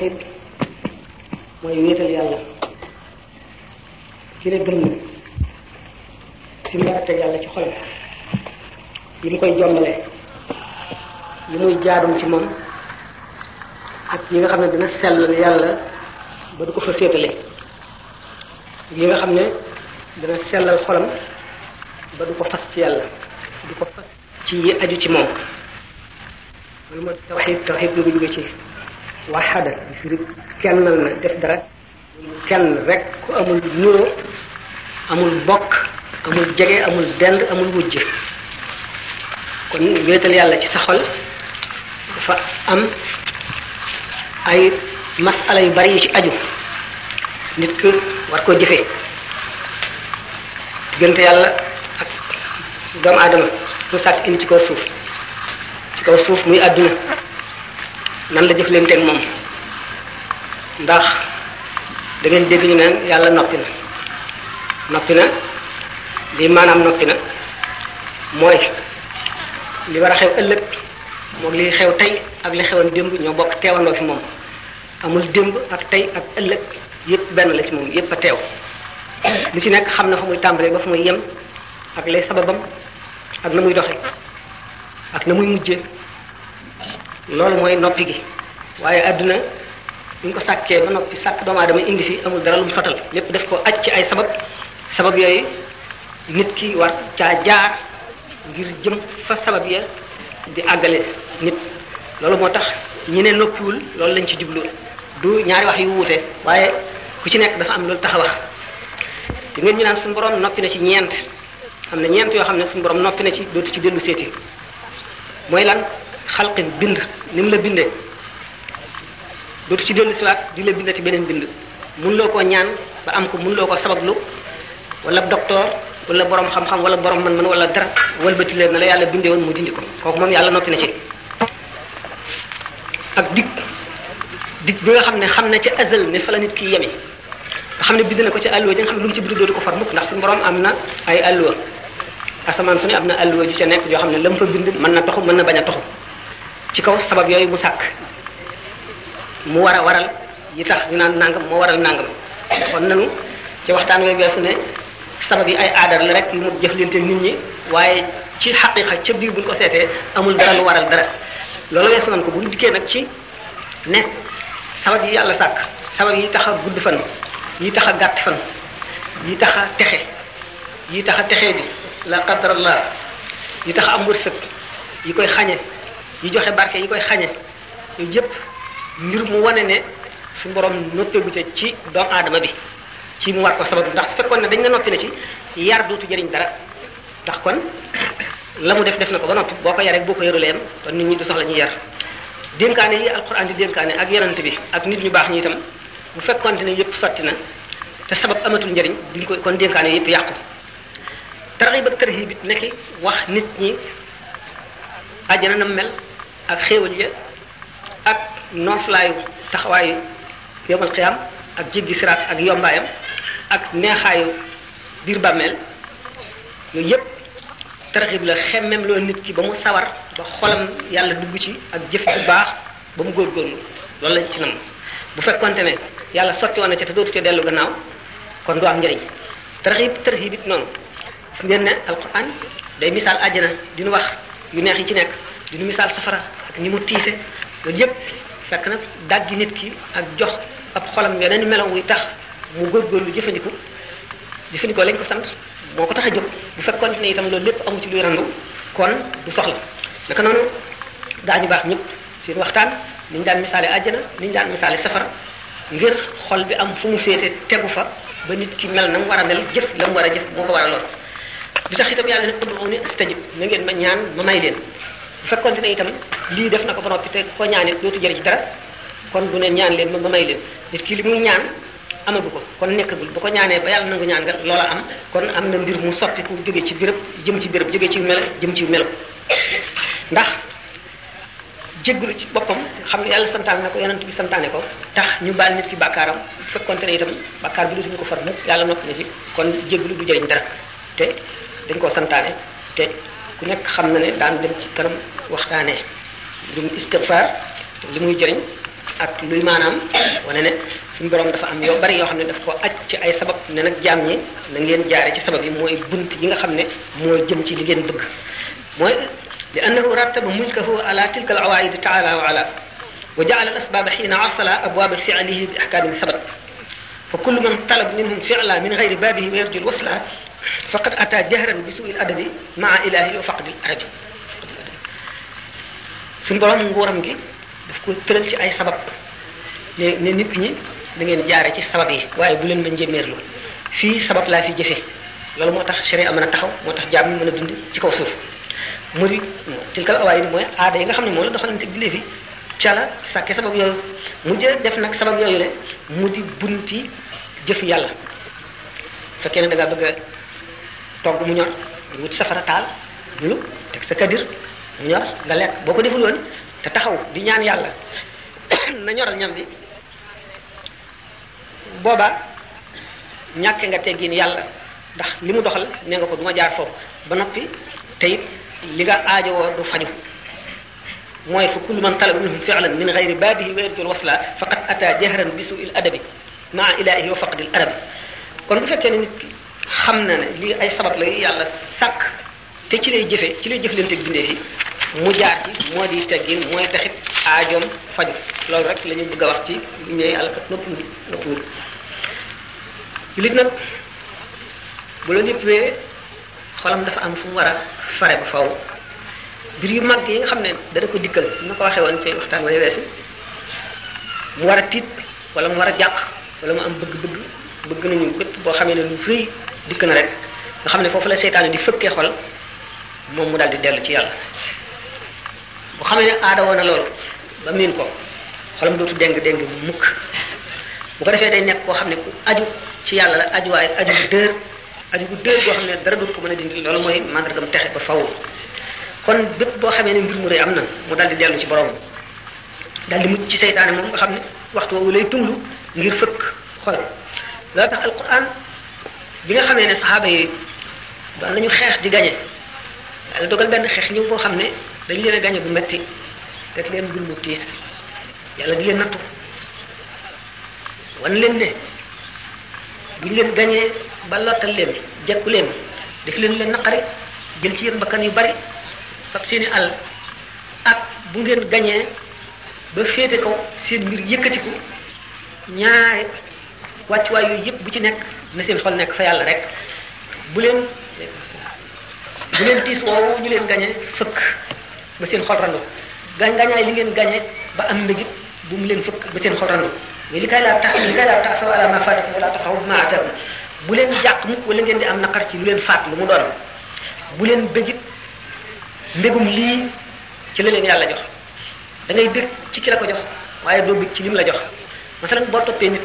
tawxiid mooy wéetal yàlla ki la gëm na fi yàlla ci xolam li mu koy jombale li muy jaadum ci moom ak yi nga xam ne dina sellal yàlla ba du ko xam ne dana sellal xolam ba du fas ci yàlla du ko fas ci aju ci moom loolu mooy tawxiid tawxiid ñu ngi jóge ci waxada di firi kennal na def dara kenn rek ku amul nuroo amul bokk amul jege amul dend amul wujj kon wéetal yàlla ci sa xol dafa am ay masala yu bari yu ci aju nit ki war koo jëfee diggante yàlla ak doomu aadama mu sàkk ci kaw suuf ci kaw suuf muy àdduna nan la leen jëflanteeg moom ndax da ngeen dégg ñu naan yàlla noppi na noppi na lii maanaam noppi na mooy li war a xew ëllëg moom liy xew tey ak li xewoon démb ñoo bokk teewandoo fi moom amul démb ak tey ak ëllëg yépp benn la ci moom yépp a teew lu ci nekk xam na fa muy tàmbalee ba fa muy yem ak lay sababam ak na muy doxe ak na muy mujjee loolu mooy noppi gi waaye àdduna bu ñu ko sàkkee ba noppi sàkk doomu aadama indi fi amul dara lu mu sotal lépp def ko aj ci ay sabab sabab yooyu nit ki war caa jaar ngir jëm fa sabab ya di àggale nit loolu moo tax ñi ne noppiwul loolu lañ ci jublu du ñaari wax yu wuute waaye ku ci nekk dafa am loolu tax a wax di ngeen ñu naan suñu borom noppi na ci ñeent xam ne ñeent yoo xam ne suñu borom noppi na ci dootu ci dellu seeti mooy lan xalqin bind ni mu la bindee dootu ci dellu siwaat di la ci beneen bind mun loo koo ñaan ba am ko mun loo ko sabablu wala docteur walla borom xam-xam wala borom man-man wala dara walbati leen la yàlla bindee woon mu dindi ko kooku moom yàlla noppi na ci ak dig dig bi nga xam ne xam na ci azal ne fa la nit ki yeme nga xam ne bind na ko ca alluwa ji xam ne lu mu ci bind dootu ko far mukk ndax suñu borom am na ay alluwa asamaan su ne na alluwa ju ca nekk yoo xam ne la mu bind mën na toxu mën na bañ a ci kaw sabab yooyu mu sàkk mu war a waral yi tax ñu naan nangam moo waral nangam kon nanu ci waxtaan wi weesu ne sabab yi ay aadar rek yu mu jëflante nit ñi waaye ci xaqiqa ca biir buñ ko amul dara lu waral dara loolu weesu nañ ko bu ñu dikkee nag ci ne sabab yi yàlla sàkk sabab yi tax a gudd fan yi tax a gàtt fan yi tax a texe yi tax a texee di la qadarallah yi tax a am wërsëg yi koy xañe yi joxe barke yi koy xañe yooyu yëpp ngir mu wane ne su borom noppeegu ca ci doomu aadama bi ci mu war ko sabab ndax fekkoon na dañ ne noppi na ci yar dootu jëriñ dara ndax kon la mu def def na ko ba noppi boo ko yaree boo ko yaruleem kon nit ñi du soxla ñuy yar dénkaane yi alxuraan di dénkaane ak yonent bi ak nit ñu baax ñi itam bu fekkonte ne yëpp sotti na te sabab amatul njëriñ duñ ko kon dénkaane yëpp yàqu tarxib ak tarhib bi nekk wax nit ñi àjjana nam mel ak xéewal ya ak noflaayu taxawaayu yomal xiyam ak jéggi siraat ak yombaayam ak neexaayu biir bàmmeel yooyu yépp taraxib la xemmem loolu nit ki ba mu sawar ba xolam yàlla dugg ci ak jëf bu baax ba mu góorgóorlu loolu lañ ci nam bu fekkonte ne yàlla sotti woon na ca te dootu ca dellu gannaaw kon du am njëriñ taraxib taraxib it noonu xam ngeen ne alquran day misaal àjjana dinu wax yu neex yi ci nekk di nu misaal safara ak ni mu tiise loolu yépp fekk nag daggi nit ki ak jox ab xolam yeneen melaw wuy tax mu góor jëfandiku jëfandikoo lañ ko sant moo ko tax a jóg bu fekkoon ne itam loolu lépp amu ci luy randu kon du soxla naka noonu daañu baax ñëpp seen waxtaan ni ñu daan misaale àjjana ni ñu daan misaale safara ngir xol bi am fu mu féete tegu fa ba nit ki mel na mu war a mel jëf la mu war a jëf moo ko war a lool li tax itam yàlla ne ud'uuni astajib na ngeen ma ñaan ma may leen bu fekkoon ne itam lii def na ko ba noppi te ko ñaanee dootu jëriñ ci dara kon bu ne ñaan leen ma may leen nit ki li muy ñaan amagu ko kon nekkagul bu ko ñaanee ba yàlla nangu ñaan nga loola am kon am na mbir mu soppiku jóge ci béréb jëm ci béréb jóge ci melo jëm ci melo ndax jéggulu ci boppam xam nga yàlla santaane na ko yonent bi santaane ko tax ñu baal nit ki bàkkaaram fekkonte ne itam bàkkaar bi dutuñu ko far mukk yàlla noppi ci kon jéggulu du jëriñ dara dañ koo santaane te ku nekk xam na ne daan dem ci kanam waxtaane lu mu istigfaar li muy jëriñ ak luy maanaam wane ne suñu borom dafa am yoo bari yoo xam ne def ko aj ci ay sabab ne nag jaam ñi na ngeen jaare ci sabab yi mooy bunt yi nga xam ne moo jëm ci li ngeen bëgg mooy li annahu rattaba mulkahu ala tilka al awaid taala wa ala wa jaala al asbaba xiina arsala abwaaba fialihi bi ahkaami sabat fa kullu man talab minhum fiala min gayri baabihi wa yarju al wasla faqad ata jahran bi suil adabi maa ilahi wa yoo adabi faqdil adabi suñu borom nguuram gi daf ko tëral ci ay sabab ne ne nit ñi da ngeen jaare ci sabab yi waaye bu leen ma njéeméerlu fii sabab laa fi jëfe loolu moo tax sharia mën a taxaw moo tax jaam ñi mën dund ci kaw suuf muri tilkal awaay ni mooy aada yi nga xam ne moo la doxalante ak bilee fi cala sàkke sabab yooyu mu jë def nag sabab yooyu le mu di bunti jëf yàlla fekkee ne da togg mu ñor nga safara taal lu teg sa kadir mu lekk boo ko deful woon te taxaw di ñaan yàlla na ñoral ñam bi booba ñàkke nga teggin yàlla ndax li mu doxal nee nga ko du ma jaar foofu ba noppi tey li nga aajowoo du faju mooy fa kullu man talaba minhum fi'lan min ghayri baabihi wa yarju al-wasla faqad ata jahran bi su'il adabi maa ilaahi wa faqdil arabi kon bu fekkee ne nit xam na ne lii ay sabab la yàlla sàkk te ci lay jëfe ci lay jëflante bindee fi mu jaar ci moo di teggin mooy taxit aajoom faju loolu rek la ñu bëgg a wax ci ñëwee yàlla kat nopp ngi nopp ngi jullit nag bu loolu yëpp wee xolam dafa am fu mu war a fare ba faw mbir yu mag yi xam ne dana ko dikkal mu ko waxee woon ci waxtaan wala weesu mu war a tiit wala mu war a jàq wala mu am bëgg-bëgg bëgg nañu bépp boo xamee ne lu rëy dikk na rek nga xam ne foofu la seytaane di fëkkee xol moom mu dal di dellu ci yàlla bu xam ne aada woon na loolu ba miin ko xolam dootu déng déng mukk bu ko defee day nekk koo xam ne ku aju ci yàlla la aju waaye aju bu dër aju bu dër goo xam ne dara du ko mën a dindi loolu mooy mandargam texe ba faw kon bépp boo xam ne mbir mu rëy am na mu dal di dellu ci borom daal di mucc ci seytaane moom nga xam ne waxtu woowu lay tunglu ngir loolu tax alquran bi nga xamee ne saxaaba yi doon lañu xeex di gañe yàlla dogal benn xeex ñëw boo xam ne dañ leen a gañe bu metti teg leen dund tiis yàlla di leen nattu wan leen ne buñ leen gañee ba lottal leen jekku leen def leen leen naqari jël ci yéen bakkan yu bari fab seeni àll ak bu ngeen gañee ba féete ko seen mbir yëkkatiku ñaari wàccuwaay yooyu yëpp bu ci nekk na seen xol nekk fa yàlla rek bu leen bu leen tiis woowu ñu leen gañe fëkk ba seen xol randu gañ gañaay li ngeen gañe ba am mbégit bu mu leen fëkk ba seen xol randu mais li kay laa tax li kay laa tax sa ala ma faat wala taxaw ma atam bu leen jàq mukk wala ngeen di am naqar ci lu leen faat lu mu doon bu leen bégit mbégum lii ci la leen yàlla jox da ngay bég ci ki la ko jox waaye doo bég ci lim la jox masalan boo toppee nit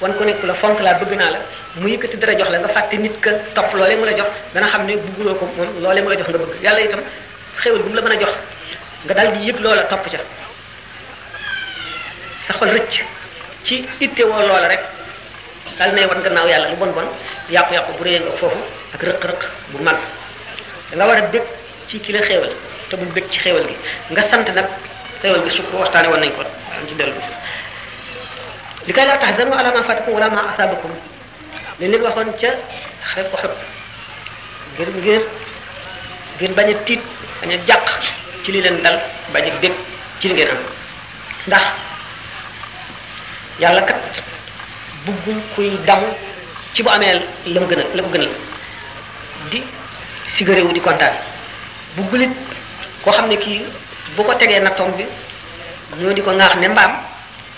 wan ko nekk la fonk laa bëgg naa la mu yëkkati dara jox la nga fàtte nit ka topp loolee mu a jox dana xam ne bugguloo ko moom loolee mu la jox nga bëgg yàlla itam xéwal bu mu la mën a jox nga daal di yëg loola topp ca sa xol rëcc ci itte woo loola rek daal nay wan gannaaw yàlla lu bon bon yàqu-yàqu bu réy nga foofu ak rëq-rëq bu mag da nga war a bég ci ki la xéewal te bul ci xéewal gi nga sant nag xéewal gi su ko waxtaane woon nañ ko ci dellu li kay laa tahzanu ala ma fatakum wala ma asabakum li leen waxoon ca xeeb Uhud ngir ngir ngeen bañ tiit bañ a jàq ci li leen dal bañ a ci li ngeen am ndax yàlla kat buggul kuy damu ci bu amee la mu gën a la mu di sigare di kontaan buggul it koo xam ne kii boo ko tegee nattoom bi ñoo di ko ŋaax ne mbaam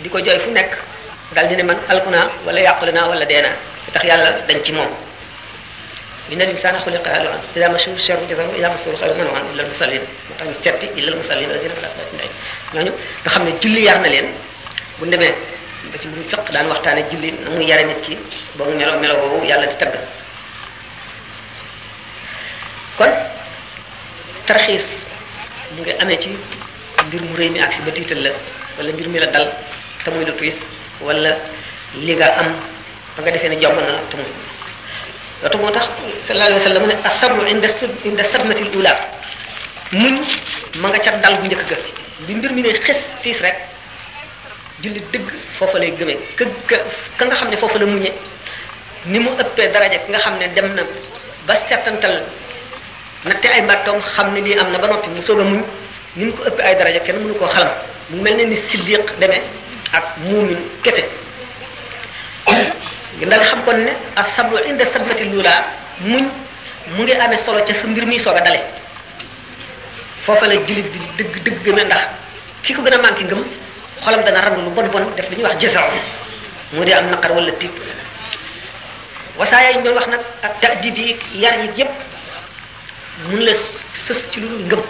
di ko jooy fu nekk dal di ne man alku naa wala yàqule naa wala dee naa tax yàlla dañ ci moom inna l-insaana a haluu'an idaa massahu sharru jazaa'a wa idaa massahu xayru manuu'an illal musalliin moo tax ñu setti illal musalliin xam ne julli yar na leen bu ñu demee ba ci mbirum fiq daan waxtaane julli na muy yare nit ba mu melo melo yàlla di tagg kon tarxiis mu ngi amee ci mbir mu réy mi ak si ba tiital la wala mbir mi la dal te lu tuis wala li nga am ba nga defee ne jomb na la te muy moo tax sallallahu alayhi wa sallam ne asabru inda inda sadmatil muñ ma nga ca dal bu njëkk ga bi mbir mi ne xes tiis rek jullit dëgg foofa lay gëmee ka ka nga xam ne foofa la muñe ni mu ëppee daraja ki nga xam ne dem na ba settantal natte ay mbàttoom xam ne lii am na ba noppi mu soog a muñ ni mu ko ëppee ay daraja kenn mënu koo xalam mu mel ne ni siddiq demee ak muumin kese ndax xam ko ne ak sabru inda sadmati lula muñ mu ngi ame solo ca sa mbir mii soog a dale foofa la jullit bi dëgg dëgg gëme ndax ki ko gën a manqué ngëm xolam dana randu lu bon bon def li ñuy wax jésao moo dee am naqar wala tiit wasaaya yi ñoo wax nag ak taadib yi yar yi yépp mun la sës ci lu ngëm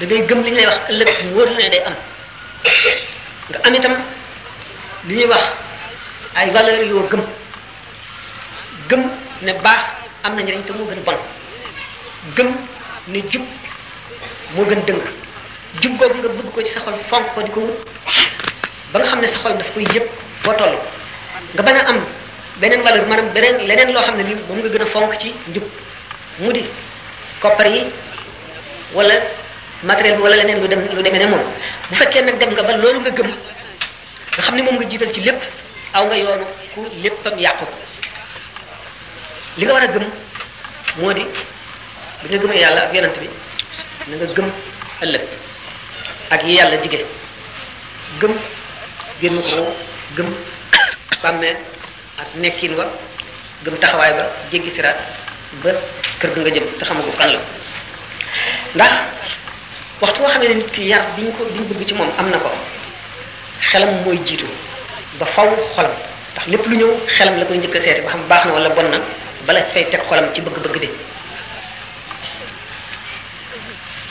da gëm li ñu lay wax ëllëg mu wóor ne day am nga am itam li ñuy wax ay valeurs yoo gëm gëm ne baax am na njariñ te moo gën bon gëm ne jub moo gën dëng jub googu nga bëgg ko ci sa xol fonk ko di ko wut ba nga xam ne sa xol daf koy yëpp boo toll nga bañ a am beneen valeur maanaam beneen leneen loo xam ne lii moom nga gën a fonk ci njub mu di koppar yi wala matériel bi wala leneen lu dem lu deme ne moom bu fekkee nag dem nga ba loolu nga gëm nga xam ne moom nga jiital ci lépp aw nga yoonu ku léppam yàqu li nga war a gëm moo di bi nga gëmee yàlla ak yonent bi na nga gëm ëllëg ak yi yàlla dige gëm génn ko gëm bàmmeel ak nekkin wa gëm taxawaay ba jéggi siraat ba kër ga nga jëm te xamagu kan la ndax waxtu boo xamee ne nit ki yar bi ñu ko bi ñu bëgg ci moom am na ko xelam mooy jiitu ba faw xolam ndax lépp lu ñëw xelam la koy njëkk a seete ba xam baax na wala bon na bala fay teg xolam ci bëgg-bëgg bi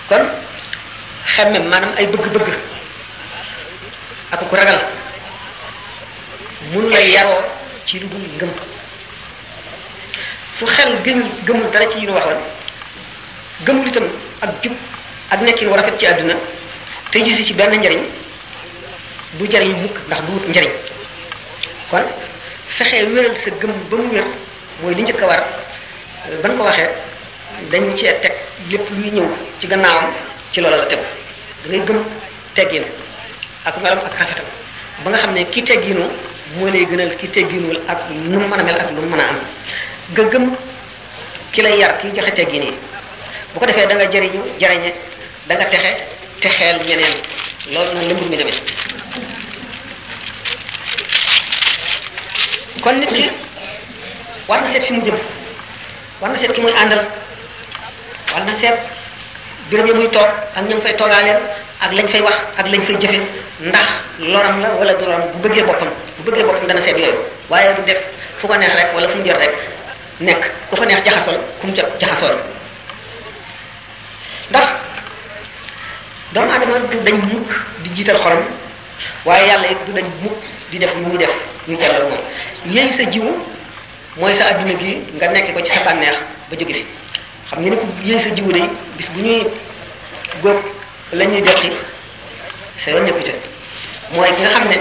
kon xemme maanaam ay bëgg-bëgg ak ku ragal mënu la yaroo ci lu dul ngëm su xel gëmul gëmul dara ci yi nu waxoon gëmul itam ak jub ak nekkin wu rafet ci àdduna te gisi ci benn njariñ bu jariñ mukk ndax du wut njariñ kon fexee wéral sa gëm ba mu wér mooy li njëkk a war ban ko waxee dañu cee teg lépp luy ñëw ci gannaawam ci loola la tegu da ngay gëm teggiinu ak melam ak rafetam ba nga xam ne ki teggiinu moo lay gënal ki teggiinuwul ak nu mu mën a mel ak lu mu mën a am nga gëm ki lay yar ki joxe teggiin yi bu ko defee da nga jëriñu danga da te texe texeel ñeneen loolu nag la mi demee kon nit ki war na seet fi mu jëm war na seet ki muy àndal war na seet béréb yi muy toog ak ña fay toogaaleel ak lañ fay wax ak lañ fay jëfe ndax loram la wala du loram bu bëggee boppam bu bëggee dana seet yooyu waaye du def fu ko neex rek wala fu mu rek nekk ku ko neex jaxasool ku mu jot ndax doomu aadama dañ mukk di jiital xorom waaye yàlla it du dañ mukk di def lu muy def muy jàllal moom yéey sa jiwu mooy sa àdduna gi nga nekk ko ci sa bànneex ba jóge fi xam nga ni ko yéey sa jiwu day bis bu ñuy góob la ñuy deqi sa yoon nekku ca mooy ki nga xam ne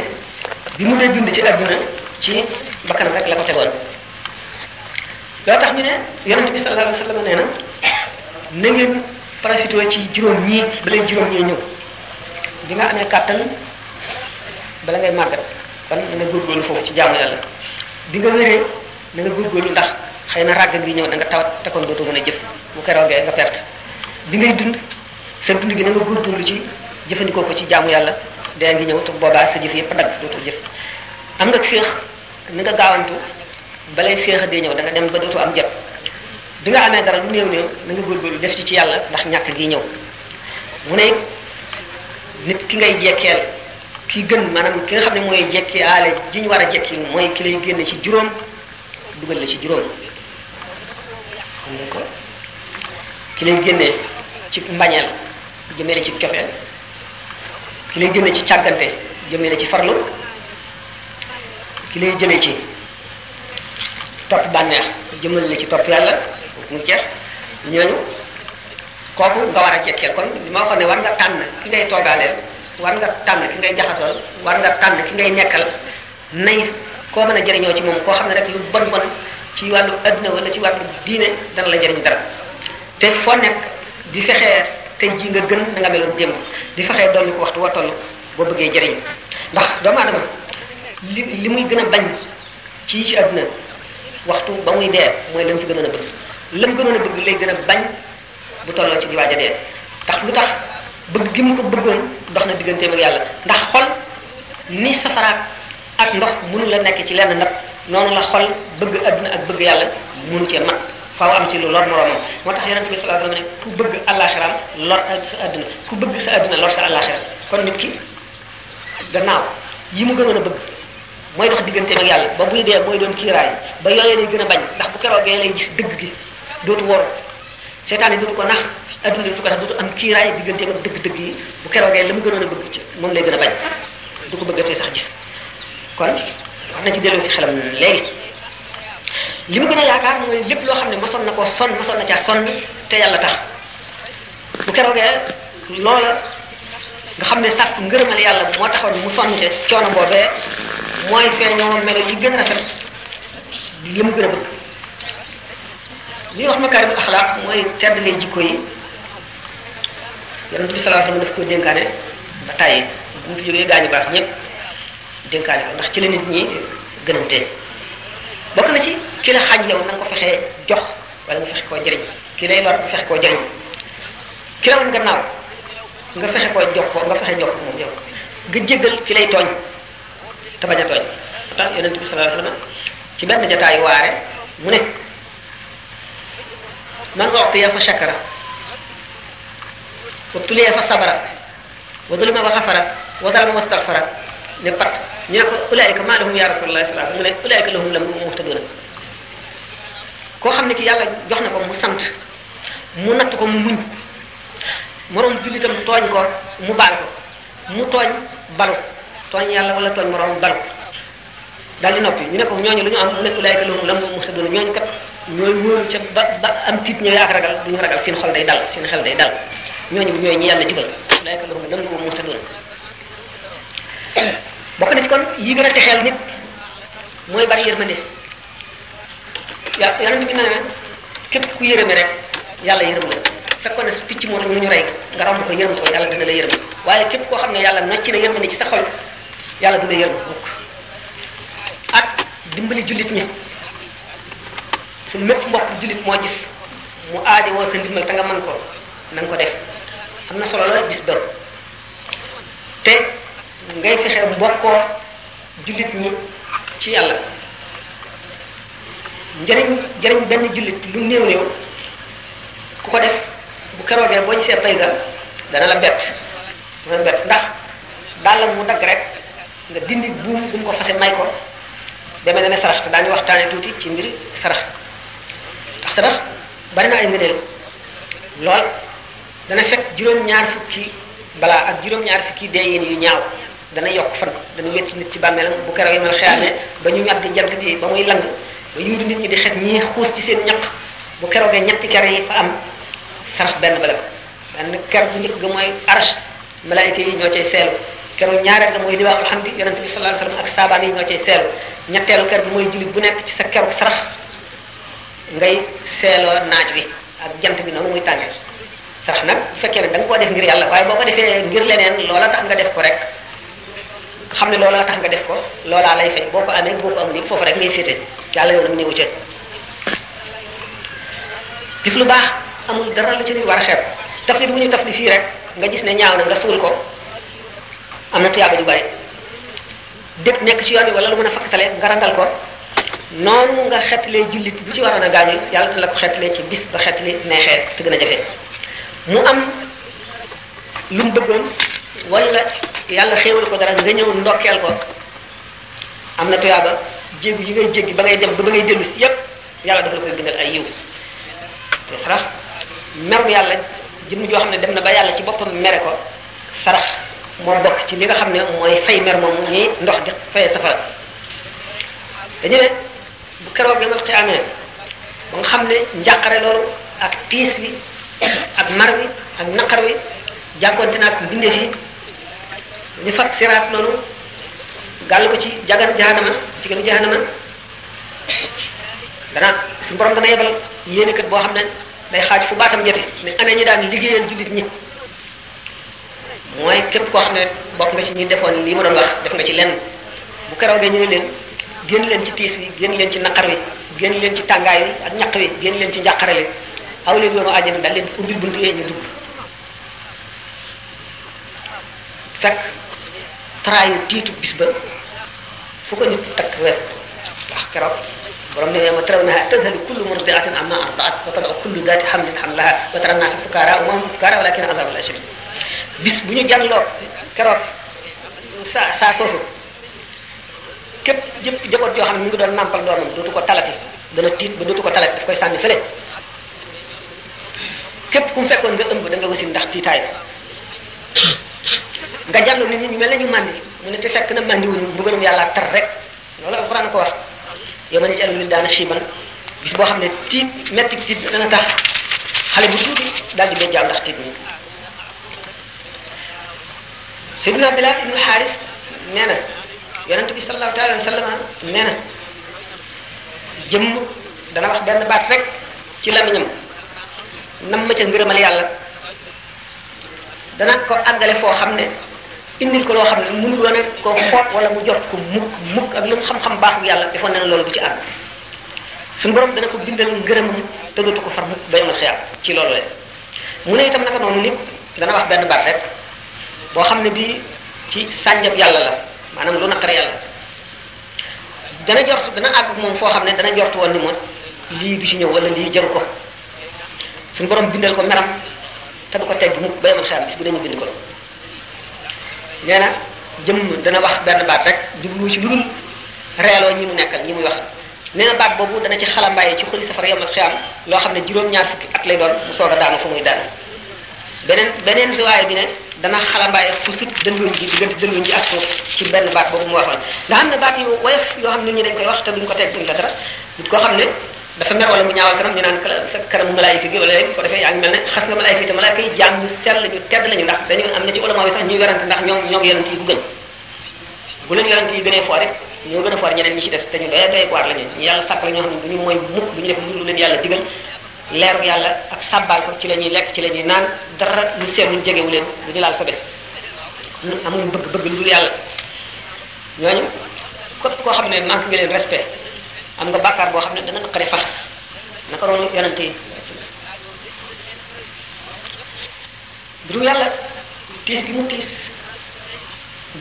bi mu dee dund ci àdduna ci bakkanam rek la ko tegoon loo tax ñu ne yonente bi sallallahu alayhi wa nee na na ngeen profité ci juróom ñii balay juróom ñii ñëw bi nga amee kàttan bala ngay màggat kon da nga góorgóorlu foofu ci jaamu yàlla bi nga wéree da nga góorgóorlu ndax xëy na ràgg gi ñëw da nga tawat te kon dootoo mën a jëf bu keroogee nga perte bi ngay dund sa dund gi na nga góorgóorlu ci jëfandikoo ko ci jaamu yàlla dee ngi ñëw te boobaa sa jëf yëpp dagg dootoo jëf am nga féex na nga gaawantu balay féex a dee ñëw da nga dem ba dootoo am jot bi nga amee dara lu néew néew na nga góorgóorlu def ci ci yàlla ndax ñàkk gi ñëw mu ne nit ki ngay jekkeel ki gën maanaam ki nga xam ne mooy jekki aale ji war a jekki mooy ki lay génne ci juróom dugal la ci juróom xam ko ki génne ci mbañeel jëme la ci cofeel ki lay génne ci càggante jëme la ci farlu ki lay jëlee ci topp bànneex jëmal la ci topp yàlla mu jeex ñooñu kooku nga war a jekkee kon li ma waxoon ne war nga tànn ki ngay toogaaleel war nga ki ngay jaxasool war nga tànn ki ngay nekkal nay koo mën a jëriñoo ci moom koo xam ne rek lu bon bon ci wàllu adduna wala ci wàllu diine dana la jariñ dara te foo nekk di fexee tey ji nga gën na nga meloon démb di fexee dolli ko waxtu wa toll boo bëggee jëriñ ndax doomu aadama li li muy gën a bañ ci ci adduna waxtu ba muy dee mooy lam fi gën a bëgg lam gënoon a bëgg lay gën a bañ bu tolloo ci di waaj a dee ndax lu tax bëgg gi mu ko bëggoon dox na digganteem ak yàlla ndax xol ni safaraak ak ndox mënu la nekk ci lenn nag noonu la xol bëgg adduna ak bëgg yàlla mënu cee mat faaw am ci lu lor moroomam moo tax yonent bi sallallahu alayhi wasallam ne ku bëgg sa adduna ku bëgg sa adduna lor sa àllaaxira kon nit ki gannaaw yi mu gënoon a bëgg mooy dox digganteem ak yàlla ba buy dee mooy doon kiiraay ba yooyee day gën a bañ ndax bu keroogee lay gis dëgg gi dootu wor seetaan yi dootu ko nax adduna dootu ko nax dootu am kiiraay diggante ak dëgg-dëgg yi bu keroogee la mu gënoon a bëgg ci moom lay gën a bañ du ko bëggatee sax gis kon wax ci delloo si xelam léegi li yaakaar lépp loo xam ne mosoon na koo sonn mosoon na caa sonn te yàlla tax bu keroogee loola nga xam ne sax ngërëmal yàlla moo taxoon mu sonn te coono boobee mooy feeñoo melo yi gën a rafet li mu gën a bëgg li ñuy wax makaarimul axlaaq mooy teddalee jikko yi yonent bi sallallahu alayhi wasallam daf ko dénkaane ba tàyyi bu mu fi jógee gaañu baax ñëpp dénkaane ko ndax ci la nit ñi gënante bokk na ci ki la xañ yow na nga ko fexee jox wala nga fexe koo jëriñ ki lay lor nga fexe koo jëriñ ki la woon koo jox ko nga fexe jox ko moom yow nga jéggal ki lay tooñ te tooñ tax yonent bi sallallahu alayhi ci benn jataayu waare mu ne man u'tiya fa shakara wa tuliya fa sabara wa dulima fa xafara wa daraba wastaxfara ne pat ñu ne ko ulaayika maa lahum ya rasulullah sallallahu alayhi wasallam mu ne ulaayika la muhtaduna koo xam ne ki yàlla jox na ko mu sant mu ko mu muñ moroom jullitam tooñ ko mu baal ko mu tooñ balu tooñ yàlla wala tooñ moroom balu daal di noppi ñu ne ko ñooñu lu ñu am mu ne ulaayka lahumul amnu wa hum muhtadun ñooñu kat ñooy wóoru ca ba ba am tiit ñu yaak ragal duñu ragal seen xol day dal seen xel day dal ñooñu ñooy ñi yàlla jugal ulaayka lahumul amnu wa hum muhtadun bokk mooy bari yërmande yaa yonent bi nee na képp ku yërëme rek picc moo ñu rey nga romb ko yërëm ko yàlla dina la yërëm waaye képp koo xam ne yàlla nocci na yërmande ci sa xol yàlla du la yërëm dimbali jullit ñi suñ mépp mbokk jullit moo gis mu aajo woo sa ndimbal te nga man ko na ko def am na solo la bis ba te ngay fexe mbokkoo jullit ñi ci yàlla njëriñ njëriñ benn jullit lu néew néew ku ko def bu keroogee boo gisee pay ga dana la bett dana la bett ndax daal la mu dagg rek nga dindi buum bu mu ko fase may ko deme na ne sarax te daañu waxtaane tuuti ci mbiri sarax ndax sarax bari na ay ngëneel lool dana fekk juróom-ñaar fukki balaa ak juróom-ñaar fukki deeyeen yu ñaaw dana yokk fan dana wétti nit ci bàmmeelam bu keroog yi mel xeyaane ba ñu ñàkk jant bi ba muy lang ba yuudu nit ñi di xet ñii xuus ci seen ñaq bu keroogee ñetti kere yi fa am sarax benn bala benn kere bu njëkk ga mooy arsh malaayika yi ñoo cay seelu keroog ñaareel na mooy liwaa alhamdi yonente bi sallallahu alayhi wasallam ak saabaan yi ñoo cay seelu ñetteelu ker bi mooy jullit bu nekk ci sa keroog sarax ngay seeloo naaj wi ak jant bi noonu muy tànge sarax nag fekkee ne da nga koo def ngir yàlla waaye boo ko defee ngir leneen loola tax nga def ko rek xam ne loola tax nga def ko loolaa lay fay boo ko amee boo ko amul yëpp foofu rek ngay féete yàlla yow nag ñëwu ca def lu baax amul dara lu ci nit war a xeeb taflit wu ñu tafli fii rek nga gis ne ñaaw na nga suul ko am na tuyaaba ju bari dëkk nekk ci yoon yi wala lu a fakkatale nga ko noonu nga xettalee jullit bu ci waroon a gaañu yàlla dina la ko xettalee ci bis ba xettali neexee te gën a jafe mu am lu mu bëggoon wala ko dara nga ñëw ndokkeel ko am na tuyaaba jéggi yi ngay jéggi ba ngay dem ba ngay dellu si yépp yàlla dafa la koy bindal ay yiw te sarax merum yàlla jëmm joo xam ne dem na ba yàlla ci boppam mere ko sarax moo bokk ci li nga xam ne mooy fay mer moomu ni ndox di fay safara dañu ne bu keroog yamal xiyaamee ba nga xam ne njàqare loolu ak tiis bi ak mar wi ak naqar wi jànkoonte naag mbindeef yi ñu fab siraat noonu gàll ko ci jagan jahanama ci gënu jahanama dana suñu borom dana yebal yéene kat boo xam ne day xaaj fu baatam jotee ne ana ñi daan liggéeyal jullit ñi mooy képp koo xam ne bokk nga ci ñi defoon lii ma doon wax def nga ci lenn bu keroogee ñu ne leen génn leen ci tiis wi génn leen ci naqar wi génn leen ci tàngaay wi ak ñaq wi génn leen ci njàqarale aw leen yoonu àjjana dal leen ubbil bunt yee ñu dugg fekk taraayu tiitu bis ba fu nit takk wees wax keroog borom ne wa taraw naha tadhalu kullu murdi'atin amma arda'at wa tad'u kullu dhati hamlin hamlaha wa tara an-nasa sukara wa ma hum sukara walakin adhab al-ashim bis bu ñu jàngloo keroog saa saa soosu képp jëpp jaboot joo xam ne mi ngi doon nàmpal doomam dootu ko talati dana tiit ba dootu ko talati daf koy sànni fële képp ku mu fekkoon nga ëmb da nga wasin ndax tiitaay nga jàngloo nit ñi ñu mel ne ñu màndi mu ne te fekk na màndi wuñu bëggalum yàlla tar rek loolu alxuraan ko wax yow ma ne ci alhamdulilah daana siiban bis boo xam ne tiit metti tiit dana tax xale bu tuuti daal di bejjaaw ndax tiit mi. Seydina Bilal ibnu Xaaris nee na yonent bi sallallahu taala alayhi wa sallam na jëmm dana wax benn baat rek ci lamiñam nam ma ca yàlla dana ko àggale foo xam ne. indil ko loo xam ne mënul wane ko xoot wala mu jot ko mukk mukk ak lu mu xam-xam baaxu yàlla defoon na loolu bu ci àgg suñu borom dana ko bindal ngërëmam te dootu ko far mukk ba yomal ci loolu le mu ne itam naka noonu nit dana wax benn baat boo xam ne bii ci sànjab yàlla la maanaam lu naqar yàlla dana jort dana àgg moom foo xam ne dana jort woon ni moom lii bi ci ñëw wala lii jëm ko suñu borom bindal ko meram te du ko tegg mukk ba yomal xiyaam bis bu dañu bind ko nee jëm dana wax benn baat rek jublu ci lu dul reeloo ñi mu nekkal ñi muy wax nee na baat boobu dana ci xalambaay ci xoli safara yomal xiyam loo xam ne juróom-ñaar fukki at lay doon mu soog a daanu fu muy daanu beneen beneen riwaay bi ne dana xalambaay fu sut dëndoon ji diggante dëndoon ji ak suuf ci benn baat boobu mu waxoon ndax am na baat yu woyof yoo xam ne nit dañ koy wax te duñ ko teg duñ la dara nit koo xam ne dafa mer wala mu ñaawal kanam ñu naan sa kanam malaayika gi wala léegi ko defee yaa ngi mel ne xas nga malaayika yi te malaayika yi jaam sell ñu tedd lañu ndax dañu am na ci ulama yi sax ñuy werante ndax ñoom ñoom yonent yi bu gën bu leen yonent yi gënee foor it ñoo gën a foor ñeneen ñi ci des te ñu doy doy waar lañu ñu yàlla sàkk la yàlla digal leeru ci la ñuy lekk ci la ñuy naan dara lu seetlu jegewu leen ñu laal sobe amuñu bëgg bëgg lu dul yàlla ñoo ñu ko koo xam ne manque nga leen respect am nga bàkkaar boo xam ne dana naqare faxas naka noonu yonente yi biru yàlla tiis gi mu tiis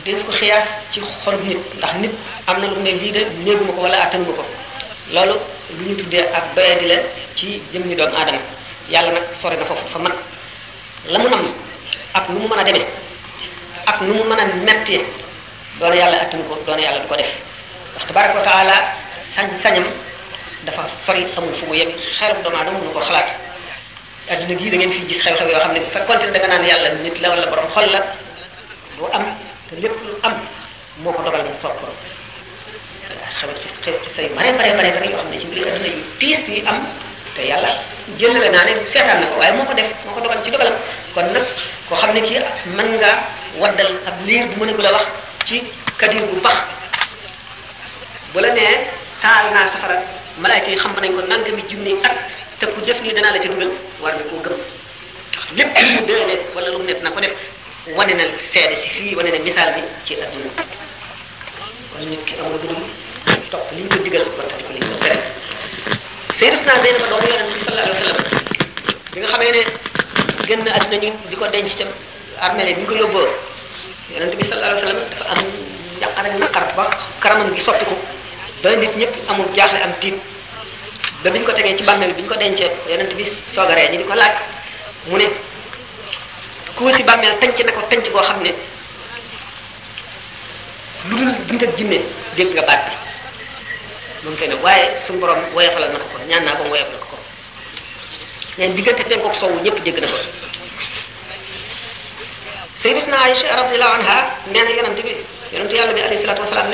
des ko xiyaas ci xol nit ndax nit am na lu ne lii de néeguma ko wala attanuma ko loolu lu ñu tuddee ak doyadi la ci jëm ñu doomu aadama yàlla nag sore na foofu fa mat la mu nam ak nu mu mën a demee ak nu mu mën a mettee doona yàlla attanu ko doona yàlla du ko def wax tabaraka wa taala sañ-sañam dafa sori amul fu mu yegg xeeram doomu aadama mënu ko xalaat adduna gii da ngeen fi gis xew-xew yoo xam ne bu fekkoon ne da nga naan yàlla nit la wala borom xol te lépp lu am moo ko dogal mu soog ci biir adduna yu tiis yu naa ne seetaan na waaye moo ko def moo ko dogal ci kon nag koo xam ne kii mën nga waddal ab liir bu mënagul a wax ci kadir bu bax bu la nee taal naa safara malaayka yi xam nañ ko nangami mi at te ku def nii danaa la ca dugal war na ko def wane na seede si fii wane na misaal bi ci adduna kon nit ki amul budul topp li ko digal wattandi ko ko tere bi nga xamee ne génn di ko denc ca armele bi ñu ko yóbboo Yonent bi ba karamam gi soppiku ba nit ñëpp amul jaaxle am tiit ba biñ ko tegee ci bàmmeel bi ñu ko dencee yonent bi soogaree ñu di ko laaj mu ne kuusi bàmmeel tënc na ko tënc boo xam ne lu dul dund ak jinne dégg nga baat bi moom koy ne waaye suñu borom woyofalal na ko ko ñaan naa ko mu woyofal ko ko neen diggante fen kook sowwu ñëpp dégg na ko sayyidatuna Aïcha radiyallahu anha nee na yonent bi yonent yàlla bi alayhi salatu wasalaam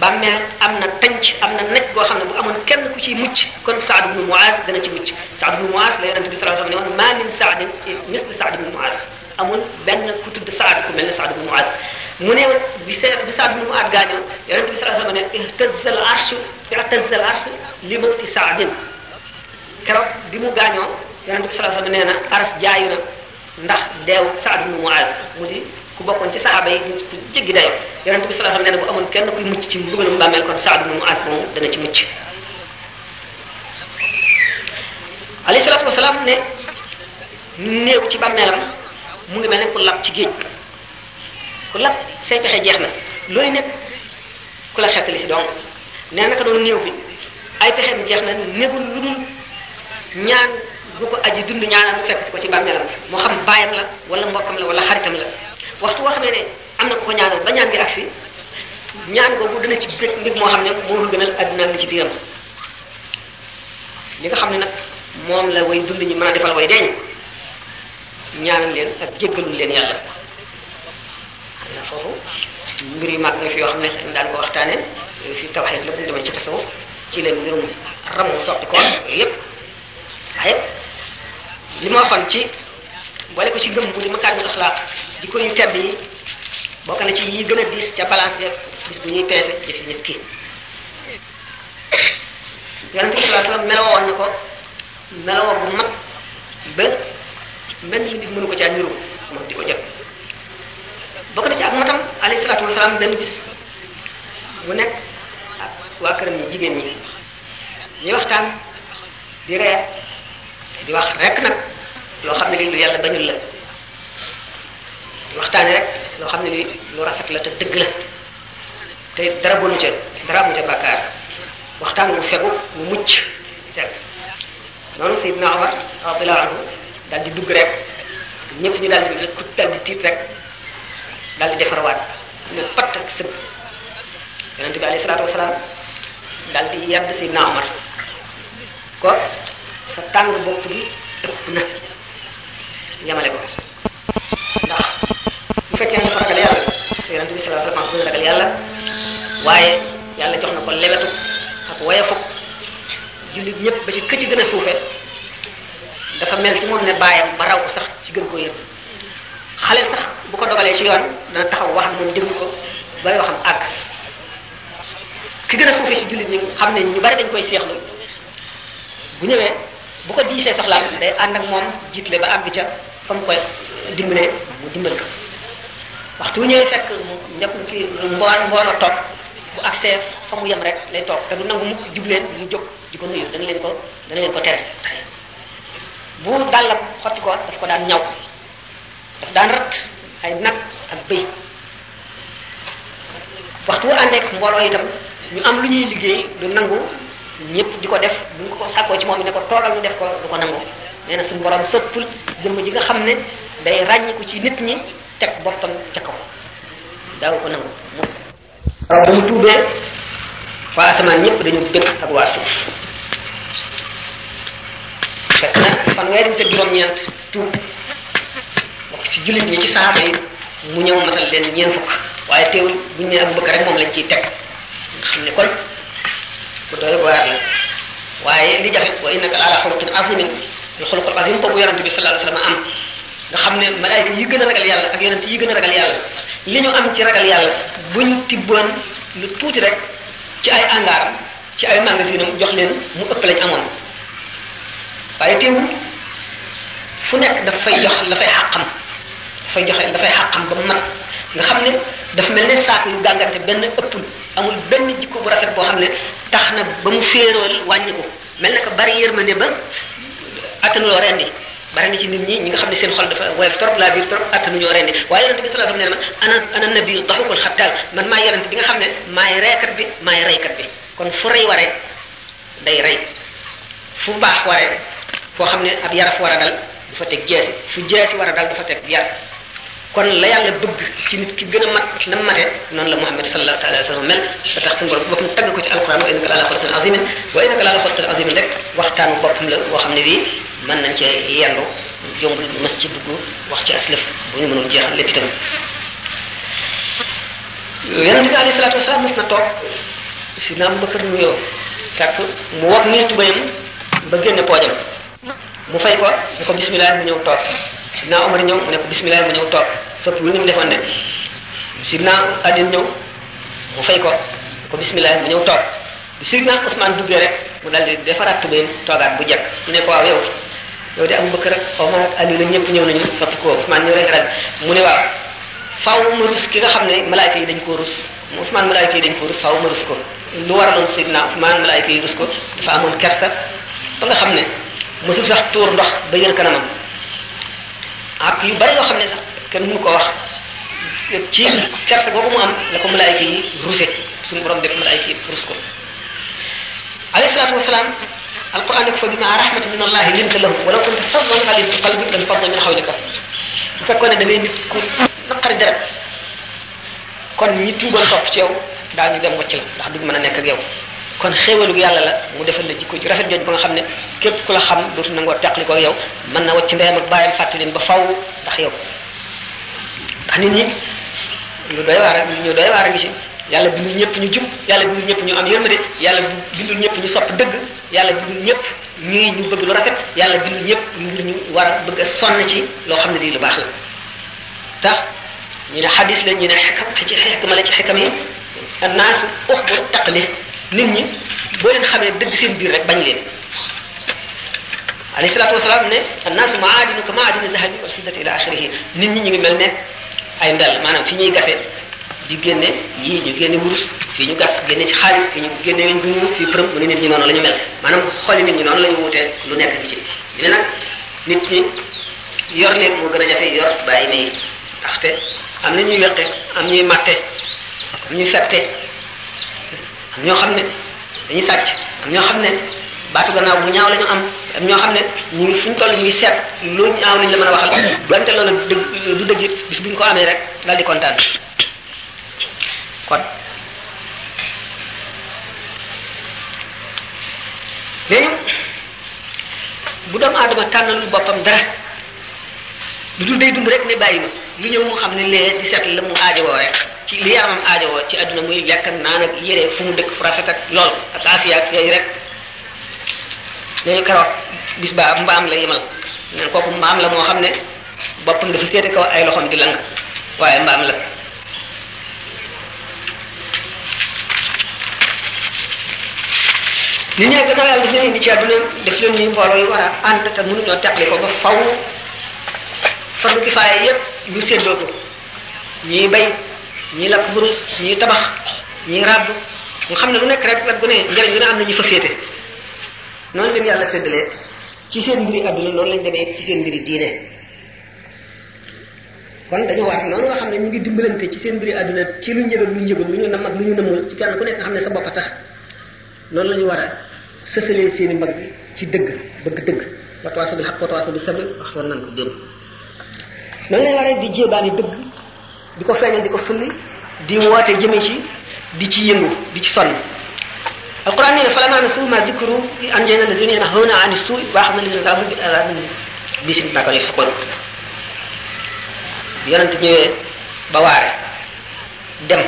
bàmmeel am na tënc am na nekk goo xam ne bu amoon kenn ku ci mucc kon Saad ibnu Muaz dana ci mucc Saad ibnu Muaz la yonent bi maa min saadin misle Saad ibnu Muaz amul benn ku tudd Saad ku mel ne Saad ibnu Muaz mu ne bi se bi Saad ibnu Muaz gaañoon yonent bi sallallahu ne ihtazza al arshu ihtazza al arshu li mawti Saadin keroog bi mu gaañoo yonent nee na aras jaayu na ndax deew Saad ibnu Muaz ku bokkoon ci saxaaba yi ku jéggi dayo yonent bi sallallahu alayhi wasallam nee na bu amoon kenn kuy mucc ci mbugalum bàmmeel kon Saad ibn Muaaz moomu dana ci mucc alayhi ne néew ci bàmmeelam mu ngi mel ne ku ci géej ku lab say na looy nekk ku la xettali si néew bi ay pexeem na négul lu dul ñaan bu ko aji dund ñaanal mu fekk ko ci bàmmeelam moo xam baayam la wala mbokkam la wala xaritam la waxtu woo xam ne am na ko ko ñaanal ba ñaan gi ak fi ñaan googu dana ci bég moo xam ne moo ko gënal ci biiram nga xam ne nag moom la way dund ñi mën a defal way deeñ ñaanal leen ak jéggalul leen yàlla na foofu mbir yu mag na fi yoo xam ne daan ko waxtaane fi tawaxeet la bu ñu ci tasawuf ci leen mbirum ramu sotti ko yépp waaye li ma waxoon ci boole ko ci ngëm bu di makaarimul axlaaq jikko yu tedd yi bokk na ci yi gën a diis ca balance yeeg bis bu ñuy peese jëfi nit ki ko meloo bu mag ba mel nit mënu ko caa bokk na ci ak matam alayhi salaatu mu nekk ak waa këram yi jigéen ñi ñuy waxtaan di reer di wax rekk nag loo xam ne lii lu yàlla bañul la waxtaane rek loo xam ne lii lu rafet la te dëgg la te dara bonu ca dara bu ca bàkkaar waxtaan mu fegu mu mucc sell noonu Seydina Omar radiyallahu anhu daal di dugg rek ñëpp ñu daal di ku daal di rek daal di defarwaat ne pat ak sëb yonent bi alayhi salaatu wasalaam daal ko sa tàng bopp bi ëpp na yamale ko ndax bu fekkee ne dafa ragal yàlla yonente bi sallallahu alayhi wasallam waaye yàlla jox na ko lewetu ak woyafuk jullit ñëpp ba ci kë gën a suufe dafa mel ci moom ne baayam ba raw ko sax ci gën koo yëg xale sax bu ko dogalee ci yoon dana taxaw wax moom déglu ko ba yoo xam àgg ki gën a suufee ci jullit ñi xam ne ñu bari dañ koy seexlu bu ñëwee bu ko diisee soxlaam day ànd ak moom jiitle ba àgg ca fa mu koy dimbalee mu dimbal ko waxtu ñëwee fekk mu toog bu accès fa mu yem rek lay toog te du nangu mukk jubleen ñu jóg di ko nuyu dana leen ko dana ko tere bu dàllam xotti ko daf ko daan ñaw daf daan rat ay nag ak bëy waxtu ànd ak mbooloo itam ñu am lu ñuy liggéey du nangu ñëpp di ko def buñ ko sàkkoo ci moom yi ne ko toogal ñu def ko du ko nangu nee na suñu borom sëppul jëmm ji nga xam ne day ràññiku ci nit ñi teg boppam ca kaw daaw ko nangu borom ba mu tuubee fa asamaan ñëpp dañu bëgg ak waa suuf ñeent tuub bokk ci jullit ñi ci saaba yi mu ñëw matal leen ñeent fukk waaye teewul buñ ne Abubakar rek moom lañ ciy teg nga xam ne kon bu doy waar la waaye li jafe wa innaka la ala xuluqin azimin al xuluqul azim bi sallallahu alayhi am nga xam ne malaayika yi gën a ragal yàlla ak yonent yi gën a ragal yàlla li ñu am ci ragal yàlla buñ tibboon lu tuuti rek ci ay angaaram ci ay magasinam jox leen mu ëpp lañ amoon waaye teewul fu nekk dafay jox dafay xàqam dafay joxe dafay xàqam ba mu mat nga xam ne dafa mel ne saako yu gàngante benn ëppul amul benn jikko bu rafet boo xam ne tax na ba mu féerool wàññi ko mel na ko bari ma yërmande ba attanuloo rendi bari na ci nit ñi ñi nga xam ne seen xol dafa woyof trop la biir trop attanuñoo rendi waaye yonente bi sallallahu alayhi wasallam nee na man ana ana nabiyu daxukul bi nga xam ne maay reekat bi maay reykat bi kon fu rey waree day rey fu baax waree foo xam ne ab yaraf war a dal du fa teg jeesi fu jeesi war a dal du fa teg kon la yàlla bëgg ci nit ki gën a mat na mate noonu la Muhammad sallallahu alayhi wa sallam mel ba tax suñu borom boppam ko ci alquran wa innaka la ala xuluqin azimin wa innaka la ala xuluqin azimin rek boo xam ne bii mën nañ cee yendu yombul mas ci dugg wax ci aslëf bu ñu mënul jeexal lépp itam yonent bi alayhi salaatu wasalaam mas na toog si na Abubakar nuyoo fekk mu wax niir tubayam ba génne poojam mu fay ko ne ko bismillah mu ñëw toog sidna Omar ñëw mu ne ko bismillah mu ñëw toog lu ñu defoon de sidna Ali ñëw mu fay ko ko bismillah mu ñëw toog bi sidna Ousmane duggee rek mu daldi defaraat tubéen toogaat bu jekk mu ne ko waaw yow yow de Abu Bakar ak Omar ak Ali ñëpp ñëw nañu sotti ko Ousmane ñëw rek rek mu ne waaw faaw ma rus ki nga xam ne malaayka yi dañ koo rus ma malaayka yi dañ koo rus faaw ma rus ko lu waraloon sidna Ousmane malaayka yi rus ko dafa amoon kersa ba nga xam ne mosul sax tuur ndox ba yër kanamam ak yu bari yoo xam ne sax kenn mënu ko wax ci kersa googu mu am la ko malaayka yi ruse suñu borom def malaayka yi rus ko alayhi salaatu wasalaam alquran ne ko fa bimaa rahmatin min allahi linta lahum walaw kunta faddan xalis tu qalbi lan faddu min xawlika bu fekkoon ne da ngay nit ku naqari dara kon ñi tuugoon topp ci yow daa ñu dem wacc la ndax duñ mën a nekk yow kon xéewalug yàlla la mu defal la jikko ju rafet jooju ba nga xam ne képp ku la xam dootu nangoo teqli ko yow mën na wacc ndeyam ak bàyyam fàtte leen ba faw ndax yow ndax nit ñi lu doy waar ñu doy waar ngi si yàlla bindul ñëpp ñu jub yàlla bindul ñëpp ñu am yërmande yàlla bindul ñëpp ñu sopp dëgg yàlla bindul ñépp ñuy ñu bëgg lu rafet yàlla bindul ñëpp ngir ñu war a bëgg sonn ci loo xam ne lii lu baax la tax ñu ne xadis la ñu ne xekam ci xekma la ci xekam yi annaasu uxbu taqli nit ñi boo leen xamee dëgg seen biir rek bañ leen alayhi salaatu wasalaam ne annaasu maadinu ka maadini zahabi wal fiddati ila axirihi nit ñi ñu ngi mel ne ay ndel maanaam fi ñuy gase di génne yii ñu génne wurus fii ñu gas génne ci xaalis fii ñu génne weñ bu ñuul fii përëm mu ne nit ñi noonu la ñu mel maanaam xooli nit ñi noonu la ñu wutee lu nekk bi ci ñu ne nag nit ñi yor leen moo gën a jafe yor bàyyi may ndaxte am na ñuy weqe am ñuy matte am ñuy fette ñoo xam ne dañuy sàcc am ñoo xam ne baatu gannaaw bu ñaaw lañu ñu am ñoo xam ne ñu fu ñu toll ñu ngi seet loolu ñaaw lañ la mën a waxal donte loolu dëgg du dëgg bis bu ñu ko amee rek daal di kontaan kon léegi bu doomu aadama lu boppam dara lu dul day dund rek ne bàyyi ma lu ñëw mu xam ne lee di seet la mu aajowoo rek ci li yaramam aajowoo ci àdduna muy lekk ak naan ak yére fu mu dëkk fu rafet ak lool ak afiya ak rek ñooñu keroog bis ba mbaam la yemal neen mbaam la moo xam ne boppam dafa féete ay loxoom waaye mbaam la nit ñi nag gannaaw yàlla daf leen indi ci àdduna daf leen ñuy mbooloo yu war a ànd te mënuñoo teqli ko ba faw fardu kifaaya yépp ñu séddoo ko ñii bay ñii lakk burus ñii tabax ñii ràbb nga xam ne lu nekk rek wet gu ne njëriñ lu ne am na ñu fa féete noonu leen yàlla séddalee ci seen mbiri àdduna noonu lañ demee ci seen mbiri dañu war noonu xam ne ñu ngi dimbalante ci seen mbiri àdduna ci lu ñu yëg ak lu ñu yëgul lu ñu nam ak lu ñu nëmmul ci kenn ku nekk xam ne sa bopp a tax noonu la ñu war a sësalee seen i ci dëgg dëgg dëgg watawaaso bi xaq watawaaso bi nan ko démb noonu lañ waree di jéebaane dëgg di ko feeñal di ko sulli di woote jëme ci di ci yëngu di ci sonn alquran nee na falammaa nasuu maa zukkiruu bihi anjaynaa llaziina yanhauna ani suu'i ñëwee ba waare dem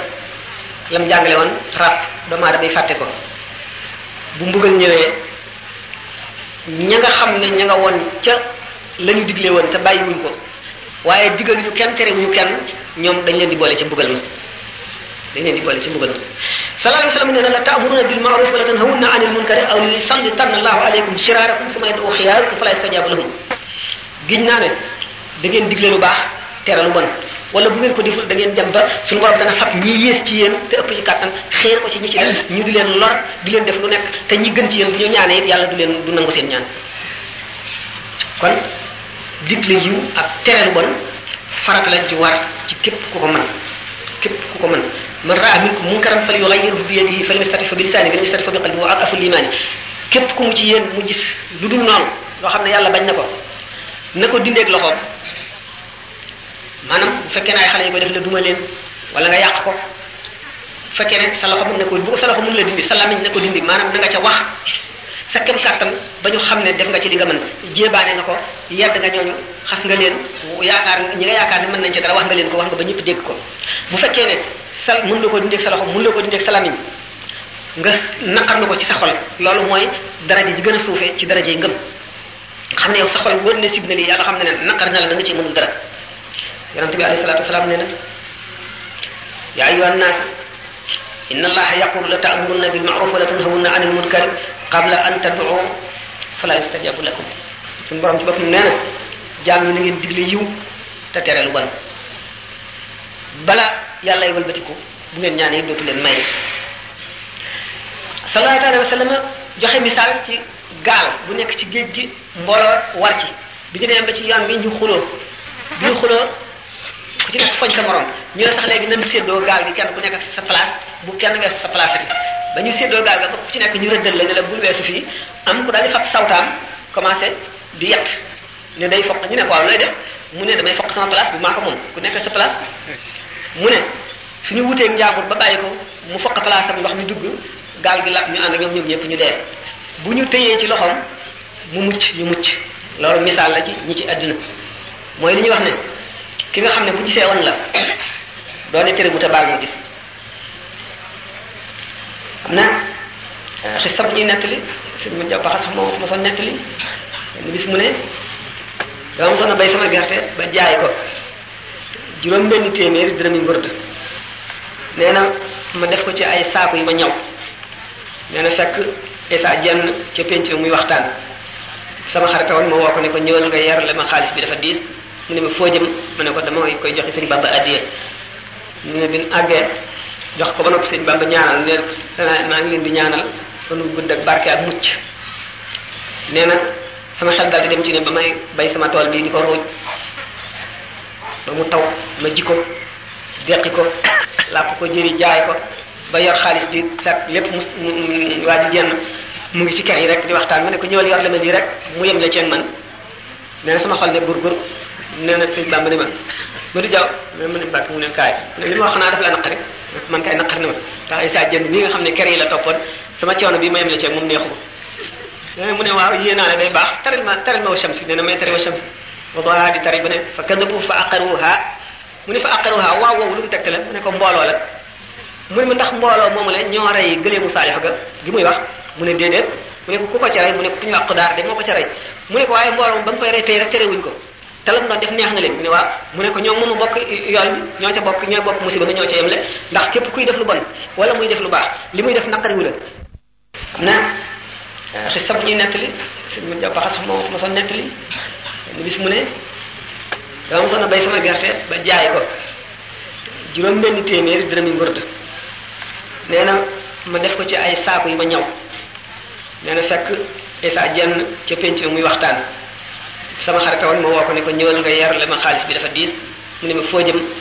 lam jàngale woon ràpp doomu aadama yi fàtte ko bu mbugal ñëwee ña nga xam ne ña nga woon ca lañu digle woon te bàyyiwuñ ko waaye digaluñu kenn terewuñu kenn ñoom dañ leen di boole ci mbugal ma dañ leen di boole ci mbugal ma sallallahu alayhi wa sallam nee na la ta'muruna bil ma'ruf wa la tanhawna 'anil munkari aw li yusallitanna Allahu alaykum shirarakum summa yad'u khiyarakum fala yastajabu lahum giñ naa ne da ngeen digle lu baax tere lu bon wala bu ngeen ko deful da ngeen dem ba suñu borom dana fab ñi yées ci yéen te ëpp ci kàttan xeer ko ci ñi ci def ñu di leen lor di leen def lu nekk te ñi gën ci yéen bu ñu ñaanee it yàlla du leen du nangu seen ñaan kon digle yiw ak tere lu bon farata la war ci képp ku ko mën képp ku ko mën man raa minkum munkaran falyughayyirhu bi yadihi fa lam yastati' fa bi lisaanihi fa lam yastati' fa bi qalbihi wa ad'afu al-iimaan képp ku mu ci yéen mu gis lu dul xam ne yàlla bañ na ko na ko dindeeg loxoom maanaam bu fekkee ne ay xale yi koy def la duma leen wala nga yàq ko bu fekkee ne sa loxo mën na ko bu ko dindi maanaam na nga ca wax sa kem kàttan ba ñu xam ne def nga ci li nga mën jéebaane nga ko yedd nga ñooñu xas nga leen yaakaar ñi nga yaakaar ne mën nañ ci dara wax nga leen ko wax nga ba ñëpp dégg ko bu fekkee ne sal mën la ko dindeeg sa loxo mën la ko dindeeg sa lamiñ nga naqarlu ko ci sa xol loolu mooy daraje ji gën a suufee ci yi ngëm xam ne yow sa xol wër ne sib na lii yàlla xam ne ne naqar na la da nga ci mënul dara yonente bi alayhi salatu wasalaam nee na yaa ayyuhan naas inna allaha yaqulu la ta'muruna bil ma'ruf wa la tanhawunna 'anil munkar qabla an tad'u fala yustajabu lakum suñu borom ci boppam nee na jaam ñi na ngeen digle yiw te tere lu bon bala yàlla ay walbatiku bu ngeen ñaanee dootu leen may sallallahu alayhi wa sallam joxe misaal ci gaal bu nekk ci géej gi mbooloo war ci bi ñu demee ba ci yoon bi ñu xuloo bi ñu xuloo ku ci nekk koñ sa morom ñu ne sax léegi nañ séddoo gaal gi kenn ku nekk sa place bu kenn weesu sa place ati ba ñu séddoo gaal ga ba ci nekk ñu rëddal la ne la weesu fii am ku daal di fab sawtaam commencé di yàq ne day foq ñu ne ko waaw looy def mu ne damay foq sama place bu maa ko moom ku nekk sa place mu ne suñu wutee njaambur ba bàyyi mu foq place am mi dugg gaal gi lab ñu ànd ak ñoom ñoom ñëpp ñu dee bu ñu tëyee ci loxoom mu mucc ñu mucc loolu misaal la ci ñi ci àddina mooy li ñuy wax ne ki nga xam ne bu gisee woon la doone tere bu ta baal mu gis am na xista bu ñuy nettali sëñ mun jàpp baxat sax ma soon nettali benn bis mu ne dama a bay sama gerte ba jaay ko juróom benn téeméeri dërëmi ngurd nee na ma def ko ci ay saaku yi ma ñaw nee na fekk Essa jenn ca penc muy waxtaan sama xarita woon ma woo ko ne ko ñëwal nga yerle ma xaalis bi dafa diis mu ne ma foo jëm ma ne ko dama koy joxe sëñ Bamba addiya mu ne bin àggee jox ko ba noppi sëñ Bamba ñaanal neen eh, maa ngi leen di ñaanal fanu gudd ak barke ak mucc nee na sama xel daal di dem ci ne ba may bay sama tool bii di ko ruuj ba mu taw ma ji ko deqi ko làpp ko jëri jaay ko ba yor xaalis bi sat lépp mu waa ji jenn mu ngi ci kër yi rek di waxtaan ma ne ko ñëwal yor la lii rek mu yem la ceen man nee na sama xol ne bur bur nee na suñ bàmba ni ma ba du jaww mais mu ne bàkk mu ne kaay mu ne li ma wax naa daf laa naqari man kay naqar na ma ndax Isaa jënd mi nga xam ne kër yi la toppoon sama coono bi ma yem la ci moom neexu ma eh, mu ne waaw yée naa la day baax taral ma taral ma wa shamsi nee na may tari wa shamsi wa di tari ba ne fa kadabu fa aqaruha mu ne fa aqaruha waaw woowu lu mu tegte la mu ne ko mbooloo la mu ne ma ndax mbooloo moomu la ñoo rey gëleemu saalix ga gi muy wax mu ne déedéet mu ne ko ku ko ca rey mu ne ku ñu wax xudaar de moo ko ca rey mu ne ko waaye mbooloo ba mu koy rey tey rek terewuñ ko te la mu doon def neex na leen mu ne waaw mu ne ko ñoom mënu bokk yooyu ñoo ca bokk ñooy bokk musiba mi ñoo ca yemle ndax képp kuy def lu bon wala muy def lu baax li muy def naqariwu la xam na xis sab ñuy nettali si mun jàpp xas moo ma son nettali mu bis mu ne dama mosoon a bay sama gerte ba jaay ko juróom mbenn téeméer dërëmi ngurd nee na ma def ko ci ay saaku yi ma ñaw nee na fekk Isa jenn ca penc muy waxtaan sama xarita woon ma woo ko ne ko ñëwal nga yerle ma xaalis bi dafa diis mu ne ma foo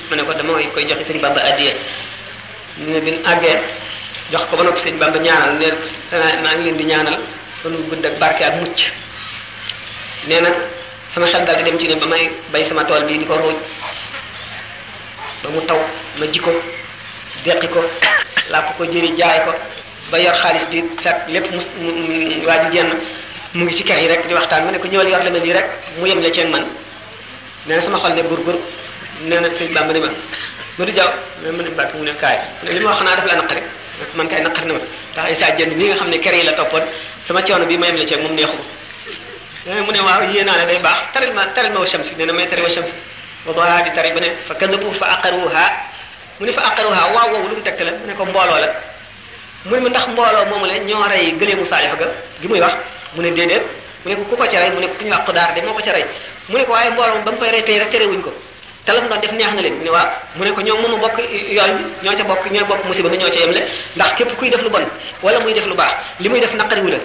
ma ne ko dama koy joxe sëñ Bamba addiya mu ne bi àggee jox ko ba noppi sëñ Bamba ñaanal ne danaa maa ngi leen di ñaanal kon gudd ak barke sama xel dem ci ne ba may bay sama tool bi di ko ruuj ba mu taw ma ji ko deqi ko làpp ko jëri jaay ko ba yor xaalis bi fekk lépp mu waa ji mu ngi ci kër yi rek di waxtaan ma ne ko ñëwal yor la mel nii rek mu yem la ceeg man nee na sama xol ne gur gur nee na sëñ Bàmba ni ma ma du jaw mais ma ne bàtt mu ne kaay li ma wax naa daf la naqari man kay naqar na ma ndax ay saa nga xam ne kër la toppoon sama coono bi ma yem la ceeg moom neexu ma eh, mu ne waaw yée naa ne day baax taral ma taral ma wa shamsi nee na may tari wa shamsi wa doha di tari ba ne fa kadabu fa aqaruha mu ne fa aqaruha waaw woowu lu mu tegtale mu ne ko mbooloo la mu ne ma ndax mbooloo moomu la ñoo rey gëleemu saalifa ga gi muy wax mu ne déedéet mu ne ko ku ko ci rey mu ne ku ñu wax xudaar de moo ko ci rey mu ne ko waaye mbooloo ba mu koy rey tey rek terewuñ ko te la mu doon def neex na leen mu ne waa mu ne ko ñoom mënu bokk yool bi ñoo ca bokk ñooy bokk musiba mi ñoo ca yemle ndax képp kuy def lu bon wala muy def lu baax li muy def naqariwu la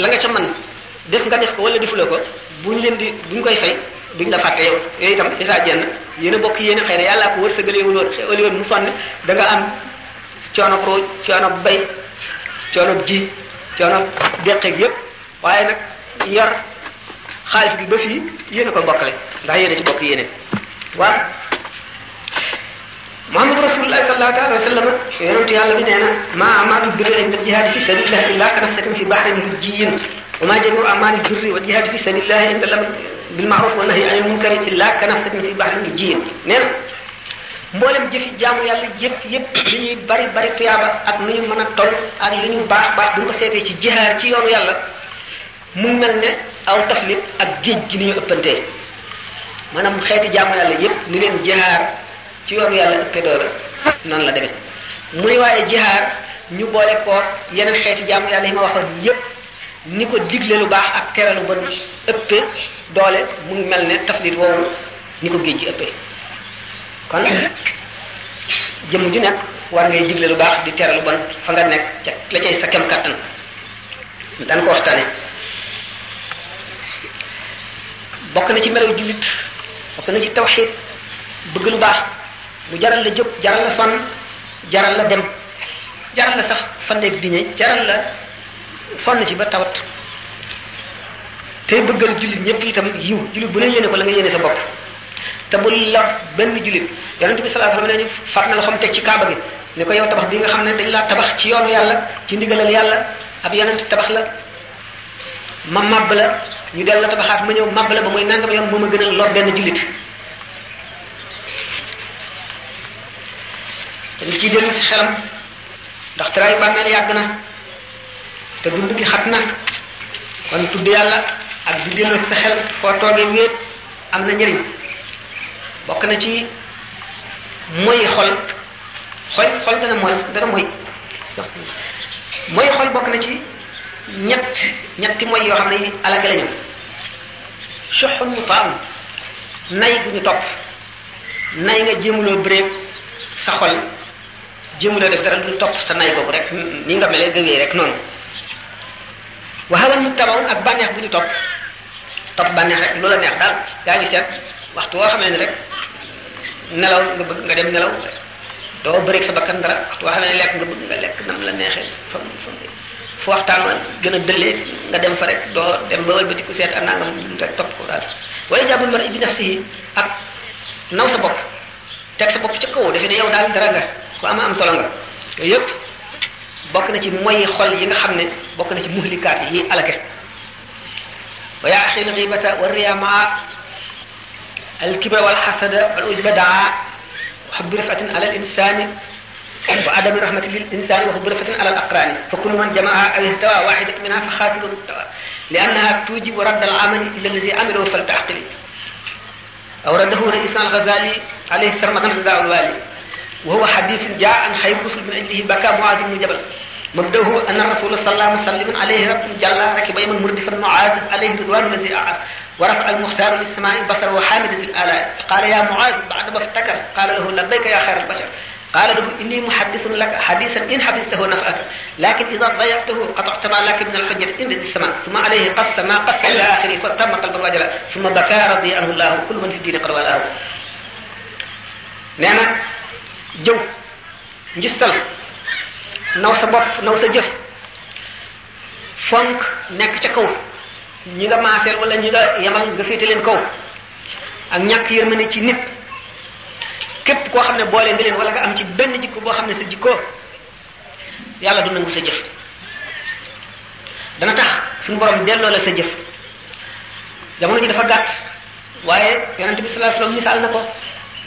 la nga ca man def nga def ko wala defuloo ko buñ leen di buñ koy fay duñ la fàtte yow yooyu itam isaa jenn yéen a bokk yéen a xëy na yàllaa ko wër sa gëleewul woon xéwali woon mu sonn da nga am coono ruuj coono bay coono ji coono deqeeg yépp waaye nag yor xaalis gi ba fii yéen a ko bokkale ndax yéen a ci bokk yéene waaw Muhammadu rasulullah sallallahu taala wa sallam yonent yàlla bi nee na ma amaanu birri inda jihaadi fi sabilillah illa ka nafsatin fi bahrin mujjiyin wa ma jamu amaani birri wa jihaadi fi sabilillah inda lam bil ma'ruf wa nahyi anil munkari illa ka nafsatin fi bahrin mujjiyin nee na mbooleem jëfi jaamu yàlla yëpp yëpp li ñuy bari bari tuyaaba ak ni ñu mën a toll ak li ñu baax baax bu ñu ko seetee ci jihaar ci yoonu yàlla mu mel ne aw taflit ak géej gi ni ñu ëppantee maanaam xeeti jaamu yàlla yëpp ni leen jihaar ci yoonu yàlla ëppee doole noonu la demee muy waaye jihaar ñu boole ko yeneen xeeti jaamu yàlla yi ma waxoon yëpp ni ko digle lu baax ak tere lu bon ëppee doole mu mel ne taflit woowu ni ko géej gi ëppee kon jëmm ju nekk war ngay digle lu baax di tere lu bon fa nga nekk ca la cay sa kem kàttan daan ko waxtaane bokk na ci melaw jullit bokk na ci bëgg lu baax lu jaral la jóg jaral la sonn la dem jaral la sax di ñëw jaral la fonn ci ba tawat tey bëggal jullit ñëpp itam yiw jullit bu ne yéene ko la nga yéene sa bopp te bu lor benn jullit yonente bi sallallahu alayhi wasallam ne far na loxoom teg ci kaaba gi ne ko yow tabax bi nga xam ne dañ laa tabax ci yoonu yàlla ci ndigalal yàlla ab yonent tabax la ma màbb la ñu dell la tabaxaat ma ñëw màbb la ba mooy nangam yoon moo ma gën a lor benn jullit te nit ki dellu si xelam ndax tëraayu yàgg na te dund gi xat na kon tudd yàlla ak di delloo si xel foo toogee wéet am na njëriñ bokk na ci mooy xol xol xol dana mooy dana mooy mooy xol bokk na ci ñett ñetti mooy yoo xam ne alaka lañu soxun mu faam nay gu ñu topp nay nga jéemuloo bëreeg sa xol jéemuloo def dara du topp sa nay googu rek ni nga melee nga rek noonu waxawan mu tabaw ak bànneex bu ñu topp topp bànneex rek loola neex daal yaa ngi seet waxtu woo xamee ne rek nelaw nga bëgg nga dem nelaw doo bëri sa bakkan dara waxtu woo xamee ne lekk nga bëgg nga lekk nam la neexee fa fa waxtaan wa gën a dëllee nga dem fa rek doo dem ba wëlbatiku seet ak ko daal wala jàppul mar bi nafsihi ak naw sa bopp teg sa bopp ca kaw defe ne yow daal dara nga ku ama am solo nga yëpp bokk na ci mooy xol yi nga xam ne bokk na ci muhlikaat yi alake wa yaa axi na xibata wa riyamaa alkibra wal xasada wal ujba daa wax bi rafatin ala al insani wa adami rahmati lil insani wa bi rafatin ala al aqrani fa kullu man jamaa aw ihtawa waxidat minha fa xaatilun li annaha tujibu radd al amali ila alladi amilahu fal taxqili أورده رئيس الغزالي عليه السلام كان رداء الوالي وهو حديث جاء عن خير رسل من أجله بكى معاذ بن جبل مبدأه أن الرسول صلى الله عليه وسلم عليه رب جل ركب من مردفا معاذ عليه رضوان الذي ورفع المختار للسماء بصر وحامد في الآلاء قال يا معاذ بعد ما افتكر قال له لبيك يا خير البشر قال له إني محدث لك حديثا إن حفظته نفعك لكن إذا ضيعته قطعت ما لك من الحجة إن السماء ثم عليه قص ما قص إلى آخره فتم قلب الرجل ثم بكى رضي عنه الله كل من في الدين قد والاه nee na jëw njistal naw sa bopp naw sa jëf fonk nekk ca kaw ñi nga maaseel wala ñi nga yamal nga féete leen kaw ak ñàkk yërmande ci nit képp koo xam ne boole nga leen wala nga am ci benn jikko boo xam ne sa jikko yàlla du nangu sa jëf dana tax suñu borom delloo la sa jëf jamono ji dafa gàtt waaye yonente bi misaal na ko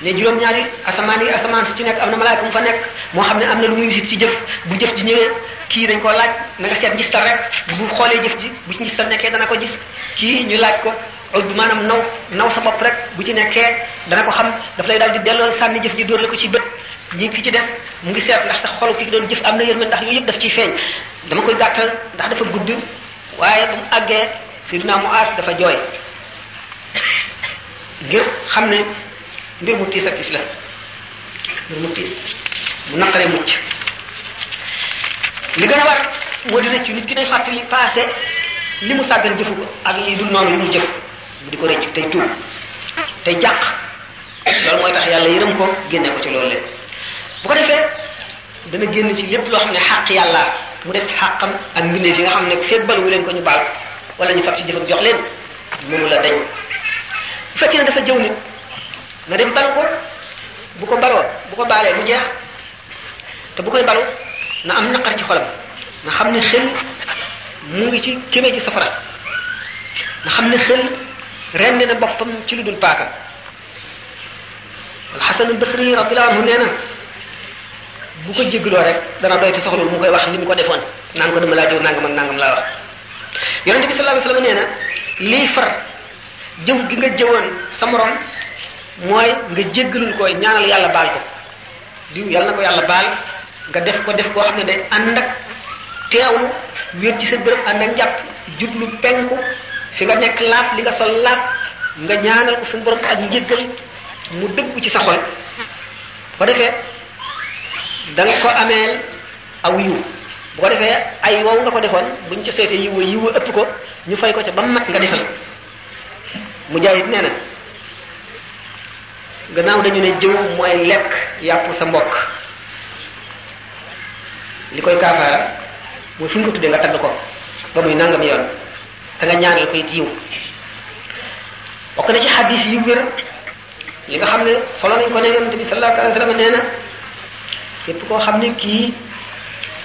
ne juróom-ñaari asamaan yi asamaan si ci nekk am na malaaka mu fa nekk moo xam ne am na lu muy wisit si jëf bu jëf ji ñëwee kii dañ koo laaj na nga seet ngistal rek bu xoolee jëf ji bu ci ngistal dana ko gis kii ñu laaj ko odd maanaam naw naw sa bopp rek bu ci nekkee dana ko xam daf lay daal di delloo sànni jëf ji dóor la ko ci bët ñi ki ci def mu ngi seet ndax sax xolu ki doon jëf am na yërmande ndax yooyu yëpp daf ciy feeñ dama koy gàttal ndax dafa gudd waaye bu mu àggee Seydina Muaas dafa jooy ngir xam ne mbir mu tiis ak islam mbir mu tiis mu naqaree mucc li gën a war moo di rëccu nit ki day fàttali passé li mu sàggan jëfu ko ak yi dul noonu yi mu jëf mu di ko rëcc tey tuub tey jàq loolu mooy tax yàlla yërëm ko génne ko ci loolu lépp bu ko defee dana génn ci lépp loo xam ne xàq yàlla mu def xàqam ak mbindeef yi nga xam ne feeg wu leen ko ñu baal wala ñu fab ci jëfam jox leen moomu la dañ bu ne dafa jëw nit na dem balu ko bu ko baloo bu ko baalee mu jeex te bu koy balu na am naqar ci xolam na xam ne xel mu ngi ci kéme ci safara na xam ne xel rend na boppam ci lu dul paaka alxasan albasri radiallahu anhu nee na bu ko jégloo rek dana doy te soxlul mu koy wax ni mu ko defoon naan ko dama laa jëw man ak nangam laa wax yonente bi sallallahu alayhi wasallam nee na lii far jëw gi nga jëwoon sa morom mooy nga jéggalul ko ñaanal yàlla baal ko diw yàlla na ko yàlla baal nga def ko def koo xam ne day ànd ak teewlu wér ci sa bërëb ànd ak njàpp jublu penku fi nga nekk laat li nga sol laat nga ñaanal ko suñu borom ak njéggal mu dëggu ci sa xol boo defee da ko amee aw yiw boo ko defee ay wow nga ko defoon buñ ca seetee yiw yiw ëpp ko ñu fay ko ca ba mat nga defal mu jaayit nee na gannaaw dañu ne jëw mooy lekk yàpp sa mbokk li koy kaafaara mooy fu ñu ko tuddee nga tagg ko ba muy nangam yoon te nga ñaanal ko it yiw bokk na ci xadis yu wér li nga xam ne solo nañ ko ne yonente ne sallallahu koo xam ni kii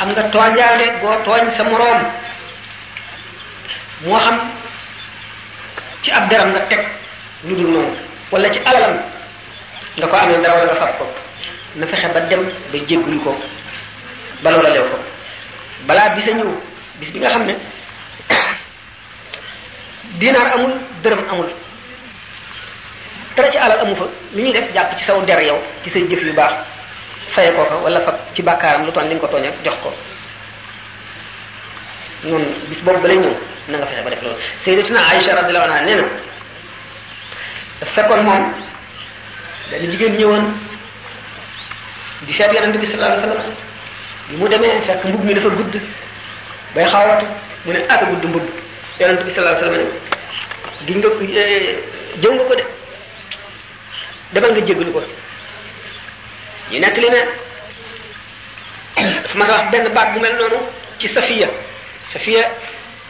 am nga tooñaale boo tooñ sa moroom moo xam ci ab deram nga teg lu dul noonu wala ci alalam nga ko amee dara wala nga fab ko na fexe ba dem ba jéggul ko ba loola leew ko balaa bisa ñëw bis bi nga xam ne dinaar amul dërëm amul dara ci alal amu fa li ñuy def jàpp ci saw der yow ci sa jëf yu baax faye ko ko wala fab ci bàkkaaram lu toon li nga ko tooñ jox ko noonu bis boobu balay ñëw na nga fexe ba def loolu sayyidatuna Aïcha radiyallahu anha nee na fekkoon moom benn jigéen ñëwoon di seet yonent bi sallallahu alayhi wasallam bi mu demee fekk mbubb mi dafa gudd bay xawatu mu ne ak gudd mbubb yonent bi sallallahu alayhi wasallam ne giñ nga eh, jëw nga ko de demal nga jéggalu ko ñu nekk li ne dafa ma wax benn baat bu mel noonu ci safiya safiya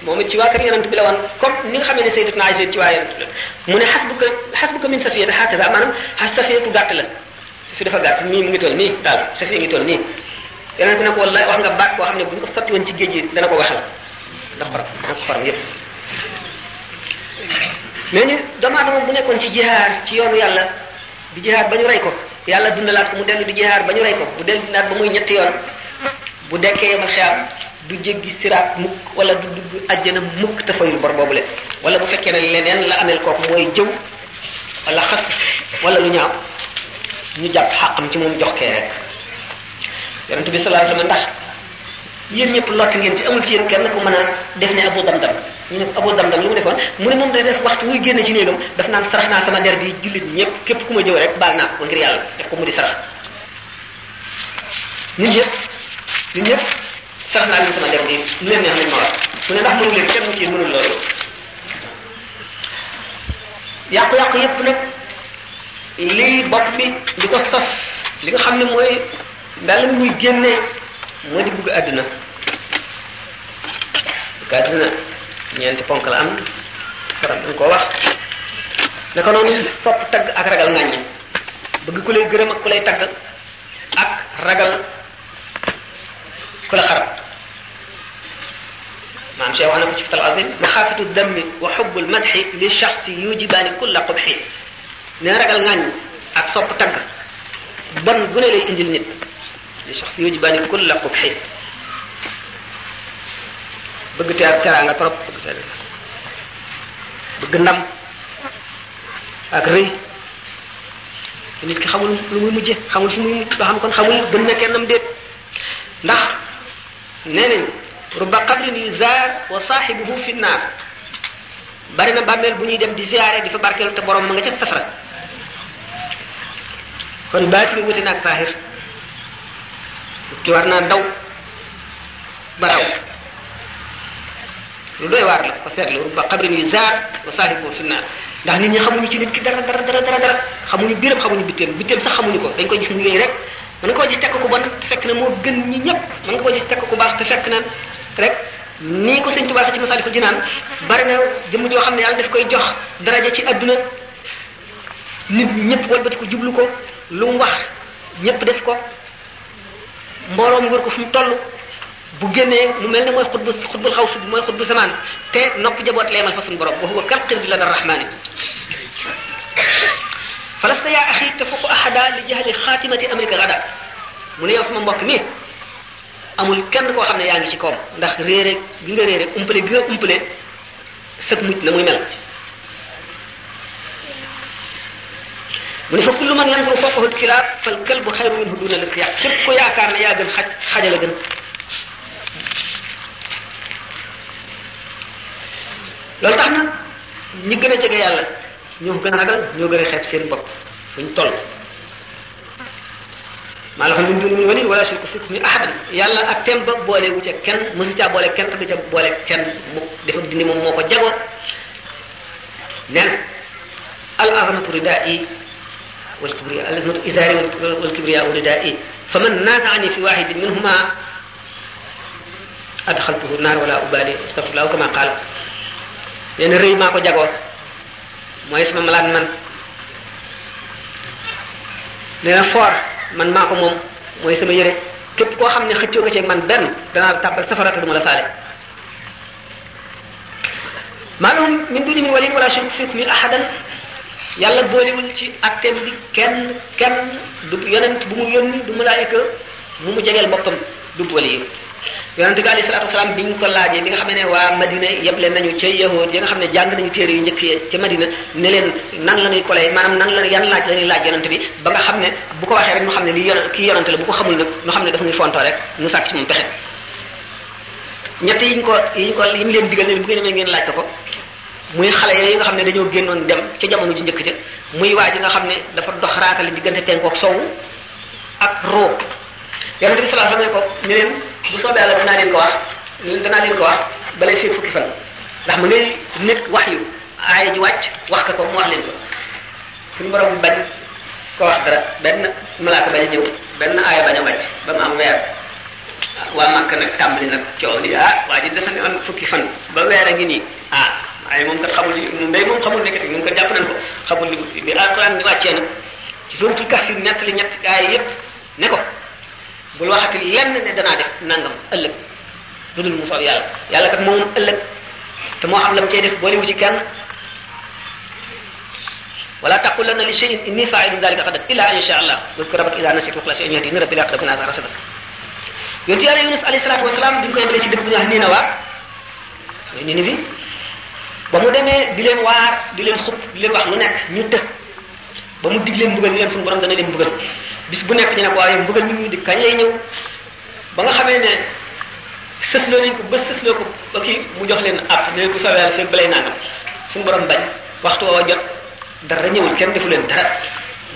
moom it ci waa kër yonent bi la woon comme ni nga xamee ne sayyidatuna Aïcha ci waa yonent bi la mu ne xasbuka xasbuka min safiyata hakaza maanaam xas safiyatu gàtt la safi dafa gàtt nii mu ngi toll nii daal safiya ngi toll nii yonent bi ne ko wallaay wax baat boo xam ne bu ñu ko sotti woon ci géej gi dana ko waxal ndax xor maa ko xorom mais ñu doomu bu nekkoon ci jihaar ci yoonu yàlla di jihaar ba ñu rey ko yàlla dundalaat ko mu dellu di jihaar ba ñu rey ko mu dellu dundalaat ba muy ñetti yoon bu dekkee ma du jéggi siraat mukk wala du dugg àjjana mukk te fayul bor boobule wala bu fekkee ne leneen la ameel kooku mooy jëw wala xas wala lu ñaaw ñu jàpp xàqam ci moom jox kee rek yonent bi sallallahu alayhi wasallam ndax yéen ñëpp lott ngeen ci amul ci yéen kenn ku mën a def ne abu damdam ñu ne dam damdam lu mu defoon mu ne moom day def waxtu muy génn ci néegam daf naan sarax naa sama der bi jullit ñëpp képp ku ma jëw rek baal naa ko ngir yàlla def ko mu di sax naa leen sama dem bi lu leen neex nañ ma wax ne ndax mënu leen kenn mu ci mënul loolu yàqu-yàqu yépp nag lii bopp bi di ko sos li nga xam ne mooy daal muy génne moo di bugg àdduna bugg àdduna ñeenti ponk la am faram dañ koo wax naka noonu sopp tagg ak ragal ngàññi bëgg ku lay gërëm ak ku lay tagg ak ragal ku la xarab maam Cheikh wax na ci fatal azim maxaafatu dammi wa xubbul madxi li shaxsi yujibaani kulla qubxi ne ragal ngaañ ak sopp tagg bon bu ne lay indil nit li shaxsi yujibaani kulla qubxi bëgg ter teraanga trop bëgg ter bëgg ndam ak rëy nit ki xamul lu muy mujje xamul fu muy mujj ba xam kon xamul gën na ndax nee nañ rubba qabrin yuzaar wa saaxibuhu fi naar bari na bàmmeel bu ñuy dem di ziare di fa barkeelu te borom ma nga ca safara kon baatin wute naag saahir ki war naa daw ba daw lu doy waar la ko seetlu rubba qabrin yuzaar wa saaxibuhu fi naar ndax nit ñi xamuñu ci nit ki dara dara dara dara dara xamuñu biiram xamuñu bitteem bitteem sax xamuñu ko dañ koy gis liggéey rek mën nga koo gis tekk ko bon te fekk na moo gën ñi ñëpp mën nga koo gis tekk ku baax te fekk na rek nii ko sëñ Tuubaa ci Masaalikul Jinaan bari jëmm joo xam ne yàlla daf koy jox daraja ci adduna nit ñëpp walbati ko jublu ko lu mu wax ñëpp def ko mbooloo mu wër ko fu mu toll bu génnee mu mel ne mooy xutbu xutbul xaw si mooy xutbu samaan te nopp jaboot leemal fa suñu borom wa huwa kal qalbi ladar rahmaani falasta yaa axi tafuqu ahada li jahli xaatimati amrika gada mu ne yow sama mbokk mi amul kenn koo xam ne yaa ngi ci koom ndax réere gi nga réere umpale gi nga umpale sëg mucc na muy mel mu ne fa kullu man yanduru fawqahu lkilaab fal kalbu xayru minhu duna lkiyaab képp ko yaakaar ne yaa gën xaj xajala gën loolu tax na ñu gën a jege yàlla ñoo ko gën a ragal ñoo gën a xeeb seen bopp fuñ toll maa loxo min duni wali wala shirku fi hukmi ahadan yàlla ak tem ba boole wu ca kenn mësu caa boole kenn te du ca boole kenn mu dafa dindi moom moo ko jagoo nee na al azamatu ridaa'i wal kibriya al azamatu izaari wal kibriya ridaa'i fa man naaza'ani fi waahidin minhuma adxaltuhu naar wala ubaali astaghfirullah kama qaala nee na rëy maa ko jagoo mooy sama malaat man nee na foor man maa ko moom mooy sama yére képp koo xam ne xëccoo nga ceeg man benn danaa tàbbal safara te du ma la faale maalum min duni min wali wala shafiq min ahadan yàlla boolewul ci atteem bi kenn kenn du yonent du malaayika mu mu jegeel boppam du boole yi yonente bi alayhi salaatu wasalaam bi ñu ko laajee bi nga xam ne waa Madina yeble nañu ca yahood yi nga xam ne jàng nañu téere yu njëkk yi leen nan la ñuy kolee maanaam nan la yan laaj la ñuy laaj yonente bi ba nga xam ne bu ko waxee rek ñu xam ne li yon kii yonente la bu ko xamul nag ñu xam ne dafa ñuy fontoo ko yi ko yi ñu leen digal ne bu ngeen demee ngeen laaj ko muy xale yooyu nga xam ne dañoo génnoon dem ci jamono ji njëkk ca muy waa ji nga xam ne dafa dox raatale diggante penkook sowu ak roo yonente bi sallallahu alayhi wasallam ne ko ne leen bu soobee yàlla danaa leen ko wax danaa leen ko wax balay fii fukki fan ndax ma ngay nekk wax yu aaya ji wàcc wax ko ko mu wax leen ko suñu borom bañ ko wax dara benn malaaka bañ a ñëw aaya bañ a ba mu am weer waa Makka nag tàmbali nag coow li ah waa ji dafa ne woon fukki fan ba weer a ngi nii ah, aa ay moom kat xamul li mbay moom xamul nekk moom kat jàpp nañ ko xamul li bi alquran di wàccee nag ci suratul kahf nekk li ñett aaya yépp ne ko bul wax ak lenn ne danaa def nangam ëllëg lu dul mu soob yàlla yàlla kat moom ëllëg te moo xam la mu cay def boolewu ci kenn wala taqulanna li shay'in inni fa'ilun dhalika gadan illa an yasha Allah loolu ko rabat ila nasit waxla si ñoom di a aqrab naa sa rasadak yontu yàlla Yunus alayhi salaatu wasalaam bi ñu koy yemalee ci dëkk bu ñu wax Ninawa mooy Ninivi ba mu demee di leen waar di leen xub di leen wax lu nekk ñu tëj ba mu dig leen mbugal ni leen suñu borom dana leen mbugal bis bu nekk ñu ne ko waaye mbugal mi ñu di kañ lay ñëw ba nga xamee ne sësloo nañ ko ba sësloo ko ba kii mu jox leen àpp ne bu soobee yàlla fekk balay nangam suñu borom bañ waxtu woo jot dara ñëwul kenn defu leen dara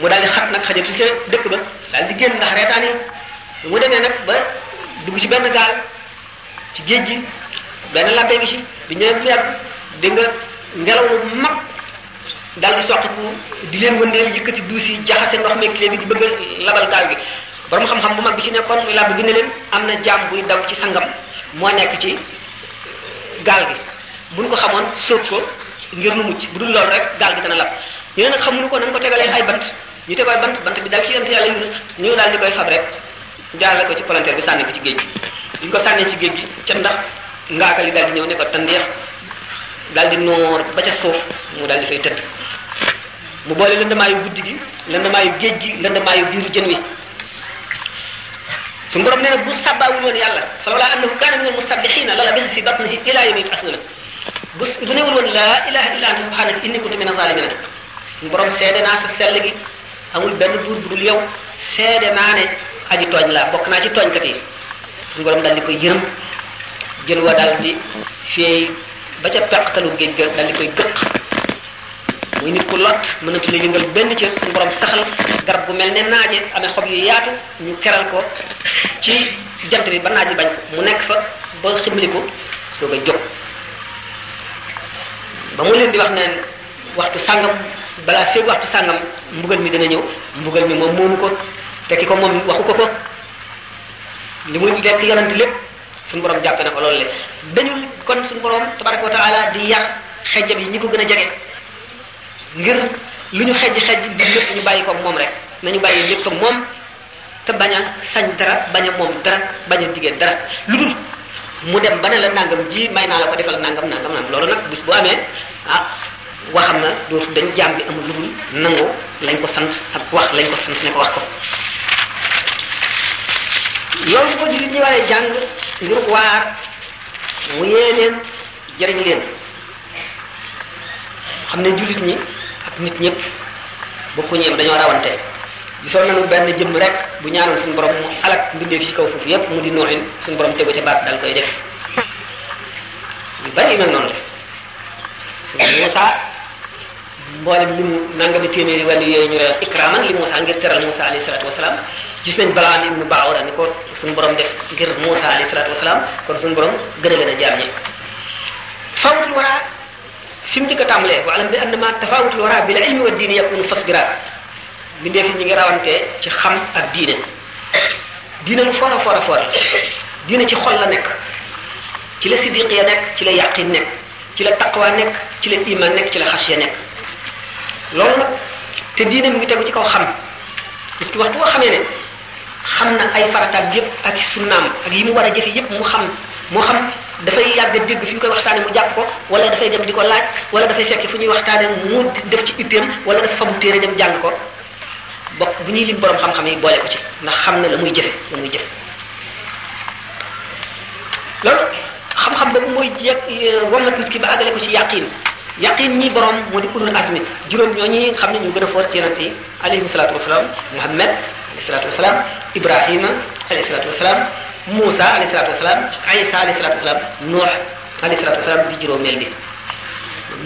mu daal di xat nag xajatul ca dëkk ba daal di génn ndax reetaan yi mu demee nag ba dugg ci benn gaal ci géej gi benn labbe ngi ci bi ñëwee bu yàgg di nga ngelaw lu mag daal di soqiku di leen wëndeel yëkkati duus yi jaxase ndox meeg clé bi di bëgg a labal gaal gi borom xam-xam bu mag bi ci nekkoon muy làbb bi ne leen am na jaam buy daw ci sangam moo nekk ci gaal gi buñ ko xamoon sóob ko ngir nu mucc bu dul loolu rek gaal gi dana lab ñu ne nag xamuñu ko nañ ko tegalee ay bant ñu tegooy bant bant bi dal ci yent yàlla yunus ñu daal di koy fab rek jaarale ko ci palanteer bi sànni ko ci géej gi. ñu ko sànnee ci géej gi ca ndax ngaaka li daal di ne ko tandeex daal di noor ba ca suuf mu daal di fay tëdd mu boole lëndamaayu guddi gi lëndamaayu géej gi lëndamaayu biiru jën wi suñu borom nee na bu sàbbaawul woon yàlla fa lawlaa annahu kaana min al-musabbihiina la labisa fi batnihi ilaa yawmi yub'asuuna bu bu newul woon laa ilaha illa anta subhanaka inni kuntu mina zaalimiina suñu borom seede naa sa sell gi benn buur bu dul seede naa ne aji tooñ laa bokk naa ci tooñkat yi suñu borom daal di koy yërëm jën ba ca peqtalu géej ga dal di koy gëq muy nit ku lot mënatu la yëngal benn ci suñu borom saxal garab gu mel ne naaje amee xob yu yaatu ñu keral ko ci jant bi ba naaje bañ ko mu nekk fa ba ximliku soo ko jóg ba mu leen di wax ne waxtu sàngam balaa feeg waxtu sàngam mbugal mi dana ñëw mbugal mi moom moomu ko te ki ko moom waxu ko ko li muy lekk yonent lépp suñu borom jàppe na ko loolu le kon suñu borom tabaraka wa taala di yar xejjam yi ñi ko gën a jege ngir lu ñu xejj xejj bi lépp ñu bàyyi ko moom rek nañu bàyyi lépp ak moom te bañ a sañ dara bañ a moom dara bañ a digéen dara lu dul mu dem ba ne la nangam jii may naa la ko defal nangam nangam nangam loolu nag bis bu amee ah waxam na dootu dañ jaam bi amul lu dul nangu lañ ko sant ak wax lañ ko sant ne ko wax ko loolu bu ko jullit ñi waree jàng ngir waar mu yee leen jëriñ leen xam ne jullit ñi ak nit ñëpp bokkuñu yem dañoo rawante gisoon nañu benn jëmm rek bu ñaanoon suñu borom mu alak mbindeef ci kaw foofu yépp mu di nooxin suñu borom tegu ca baat dal koy def yu bari mel noonu la Muusa mboolem li mu nangami téeméeri wàllu yooyu ñu ikraman li Muusa ngir teral Muusa alayhi salaatu wasalaam gis nañ balaa ni mu baaw ni ko suñu borom def ngir Moussa alayhi salaatu wasalaam kon suñu borom gën a gën a jaam ñi tafawutul wara fi mu njëkk a tàmbalee wa alam bi annama tafawutul wara bil ilmi wa diini yakunu fasbira mbindeef yi ñi ngi rawante ci xam ak diine diine lu foor a foor a foor diine ci xol la nekk ci la siddiq ya nekk ci la yaqin nekk ci la taqwa nekk ci la iman nekk ci la xas ya nekk loolu nag te diine mu ngi tegu ci kaw xam nit ki waxtu boo xamee ne xam na ay farataam yépp ak sunnaam ak yi mu war a jëfe yépp mu xam moo xam dafay yàgg dégg fi ñu koy waxtaane mu jàpp ko wala dafay dem di ko laaj wala dafay fekk fu ñuy waxtaane mu def ci itteem wala dafa fagu téere dem jàng ko bokk bu ñuy lim borom xam-xam yi boole ko ci ndax xam na na muy jëfe la muy jëfe loolu xam-xam boobu mooy jekk wommat nit ki ba àggale ko ci yàqiin yaqin ñi borom moo di ulul azmi juróom ñooñu xam ne ñu gën a foor ci yonent yi alayhi salatu wasalaam Muhammad alayhi salatu wasalaam Ibrahima alayhi salatu Nuux alayhi salatu wasalaam bi juróomeel bi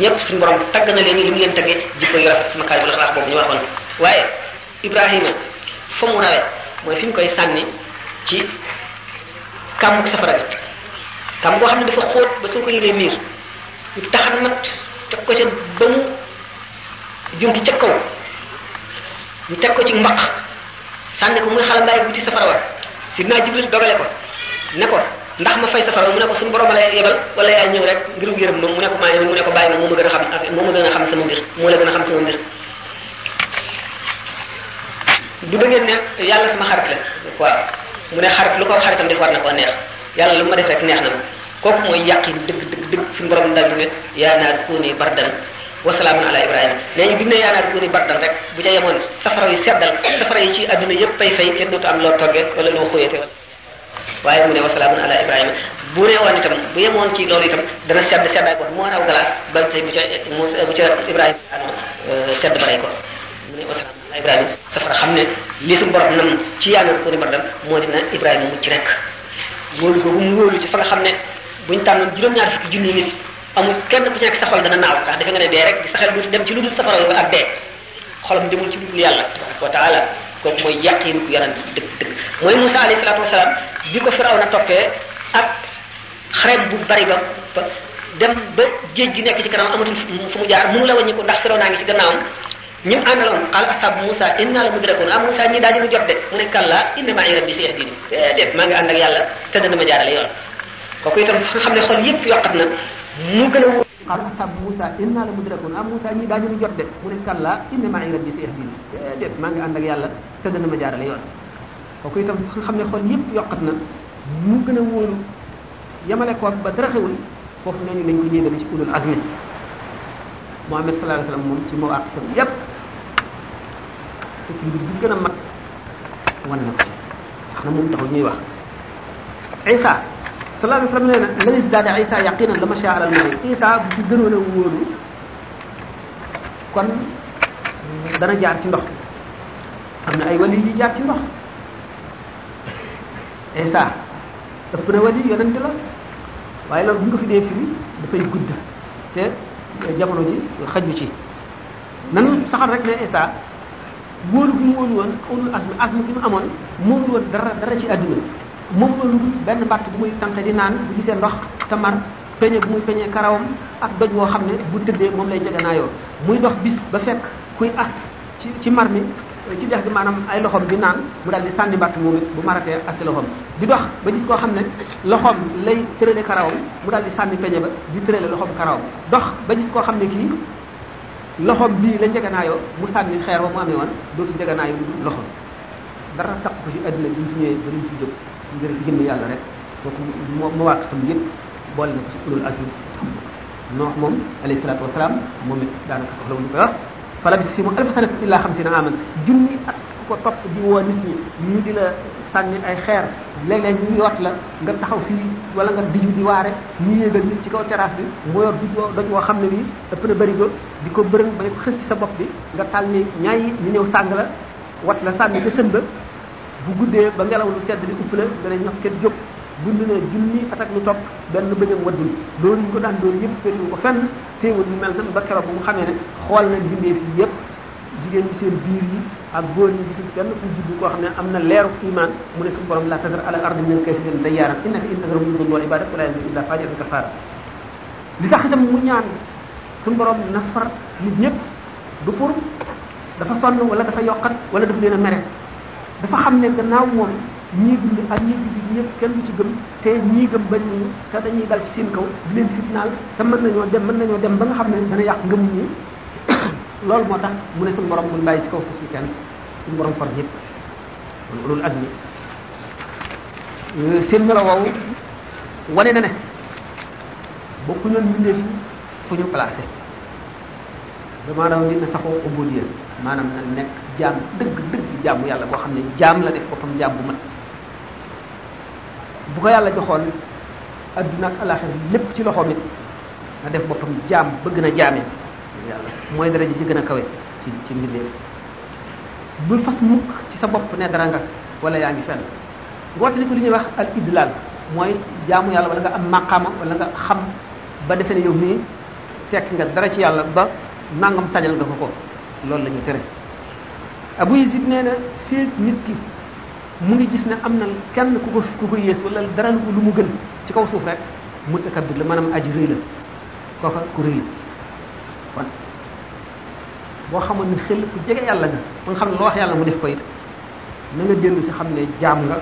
ñëpp suñu borom tagg na leen li mu leen tagge jikko yu rafet ci makaarimul axlaaq boobu ñu waxoon waaye Ibrahima fa mu rawe mooy fi ñu koy sànni ci kàmmuk safara gi kàmm boo xam ne dafa xóot ba suñ ko yëlee miir ñu taxanat teg ko ca ba mu jumti ca kaw teg ko ci mbaq sànni ko muy xalambaay bu ci safara wa sidna jibril dogale ko ne ko ndax ma fay safara mu ne ko suñu borom la yebal wala yaa ñëw rek ngir yërëm moom mu ne ko maa ñëw mu ne ko bàyyi ma moo ma gën a xam affaire moo ma sama mbir moo la gën a xam sama mbir du da ngeen ne yàlla sama xarit la mu ne xarit lu ko xaritam def war na koo neex yàlla lu ma def rek neex na ma kooku mooy yàqin dëgg dëgg dëgg suñu borom daal di ne yaa naar kuuni bardan wasalaamun ala ibrahima nee bu ca yemoon safara yi seddal yi ci adduna yépp pay fay kenn dootu am loo toggee wala loo xóoyate wala waaye mu bu ne woon itam bu yemoon ci loolu itam dana sedd seddaay ko moo raw glace ba tey bu ca bu ca euh, ne wasalaamun ala ibrahima safara ci yaa naar kuuni bardan moo dina ibrahima mucc rek wóolu googu mu wóolu ci fa xam ne bu buñ tànnoon juróom-ñaar fukki junni nit amul kenn ku ci nekk sa xol dana naaw ndax defe nga ne dee rek sa xel du dem ci lu dul safara ak dee xolam demul ci lu dul yàlla tabaraka mooy yàqinu ku yonent dëgg dëgg mooy Musa alayhi salaatu wasalaam bi ko Firawna bu bari ba dem ba géej gi nekk ci kanam amatul fu mu jaar mënu la wàññi ko ndax Firawna ngi ci gannaawam ñi mu àndaloon xaal asaabu Musa inna la mudrakun ah Musa ñii daal di mu jot de mu ne kàlla inna maa rabbi sayahdini déedéet maa ngi ànd ak yàlla te dana ma jaarale yoon kooku itam nga xam ne xol yépp yokkat na mu gën a wóor xala sab Moussa inna la mudrakun am ah, Moussa ñii daañu ñu jot de mu ne kalla inna ma'i rabbi sayahdi eh, déet maa ngi ànd ak yàlla te dana ma jaarale yoon kooku itam nga xam ne xol yépp yokkat na mu gën a wóoru yamale ko ba dara xewul foofu ñooñu lañ ko jéegale ci ulul azmi Muhammad sallallahu alayhi wasallam moom ci mawaqifam yépp fukki mbir bi gën a mag wan na ko ci xam na moom taxul ñuy wax Isa sallallahu alayhi wa sallam nee na lanis daada isa yaqinan la ma sha alal mari isa bu gënoon a wóolu kon dana jaar ci ndox am na ay wali yu jaar ci ndox isa ëpp na wali yonent la waaye loolu bu ñu fi dee firi dafay gudd te jamono ji xaju ci nan saxal rek ne isa wóolu gi mu wóolu woon ulul asmi asmi gi mu amoon moomul woon dara dara ci àdduna moom loolu benn bàtt bu muy tànqe di naan bu gisee ndox te mar peñe bu muy peñee karawam ak doj woo xam ne bu tëddee moom lay jeganaayoo muy dox bis ba fekk kuy as ci ci mar mi ci dex gi maanaam ay loxoom di naan mu daal di sànni mbàtt moom it bu maratee as si loxoom di dox ba gis koo xam ne loxoom lay tërale karawam mu daal di sànni peñe ba di tërale loxoom karawam dox ba gis koo xam ne kii loxoom bii la njeganaayoo mu sànni xeer ba mu amee woon dootu njeganaayu loxoom dara taq ko ci àddina bi ñëwee ngir jëmm yàlla rek kooku moo moo waat xam yëpp boole na ko ci ulul azmi noox moom alayhi salaatu wasalaam moom it daanaka soxla wuñu koy wax fala bis si mu alfa sanat illaa xamsina aman junni at ko topp di nit ñi ñu di la sànni ay xeer léeg-léeg ñu yot la nga taxaw fii wala nga diju di waare ñu yéegal nit ci kaw terrasse bi mu yor duj doj woo xam ne nii ëpp na bërigo di ko bërën ba ko xës ci sa bopp bi nga tal ni ñaay ñu ñëw sàng la wat la sànni ca bu guddee ba ngelaw lu sedd li upp la danañ ñax kenn jóg dund na junni at ak lu topp benn bëñam waddul loolu ñu ko daan loolu yëpp féetewu ko fenn teewul ñu mel tam ba keroog bu mu xamee ne xool na bindee fii yëpp jigéen ñi seen biir yi ak góor ñi gisul kenn ku juddu koo xam ne am na leeru iman mu ne suñu borom la tasar ala ardi minal kaafiriina dayyaaran innaka in tasar mu doon ibadak wala yamliku illa faajiran kafaara li tax itam mu ñaan suñu borom nafar nit ñëpp du pour dafa sonn wala dafa yokkat wala dafa leen a mere dafa xam ne gannaaw moom ñii dund ak ñii dund ñëpp kenn du ci gëm te ñii gëm ba ñii te dañuy dal ci seen kaw di leen fitnaal te mën nañoo dem mën nañoo dem ba nga xam ne dana yàq ngëm ñi loolu moo tax mu ne suñu borom buñ bàyyi ci kaw suuf si kenn suñu borom far ñëpp kon ulul azmi euh, seen melo woowu wane na ne bokku ñoon mbindeef yi fu ñu placé dama daw nit na saxoo ubudiyya maanaam nekk jaam dëgg dëgg jaamu yàlla boo xam ne jaam la def boppam jaam bu mat bu ko yàlla joxoon adduna ak alaxir lépp ci loxoom it na def boppam jaam ba gën a jaamee mooy dara ji ci gën a kawe ci ci mbindeef bul fas mukk ci sa bopp ne dara nga wala yaa ngi fenn ngoote ni ko li ñuy wax al idlal mooy jaamu yàlla wala nga am maqaama wala nga xam ba defe ne yow mii tekk nga dara ci yàlla ba nangam sañal nga ko ko loolu la ñuy tere Abu Yazid nee na feeg nit ki mu ngi gis ne am na kenn ku ko ku ko yées wala dara lu mu gën ci kaw suuf rek mutakabbir la maanaam aji rëy la kooka ku yi kon boo xamoon ne xel ku jege yàlla nga ba nga xam ne loo wax yàlla mu def ko it na nga dellu si xam ne jaam nga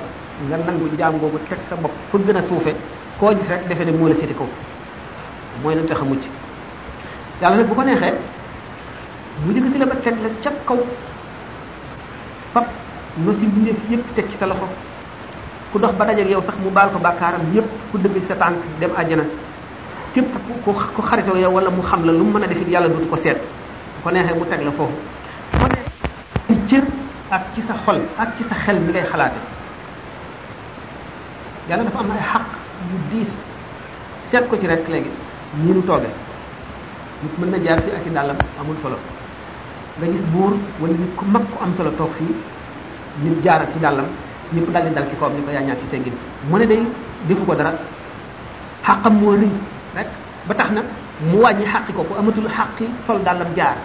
nga nangu jaam googu teg sa bopp fa gën a suufe koo gis rek defe ne moo la féete kaw mooy lan tax a mucc yàlla nag bu ko neexee mu yëkkati la ba teg la ca kaw fab nosi mbindeef yépp teg ci sa loxo ku dox ba dajeeg yow sax mu baal ko bàkkaaram yépp ku dëgg sa tànk dem àjjana képp ku ku xaritoo yow wala mu xam la lu mu mën a defit yàlla dootu ko seet ko neexee mu teg la foofu ko ne ci sa xol ak ci sa xel mi ngay xalaate yàlla dafa am ay xaq yu diis seet ko ci rek léegi ñii nu toogee nit mën na jaar ci ak i dàllam amul solo nga gis buur wala nit ku mag ku am solo toog fii nit jaaral ci dàllam ñëpp daldi dal ci kawam ni ko yaa ñàkk ci teggin mu ne day defu ko dara xàqam moo rëy rek ba tax na mu wàññi xàqi ko ko amatul xàqi sol dàllam jaar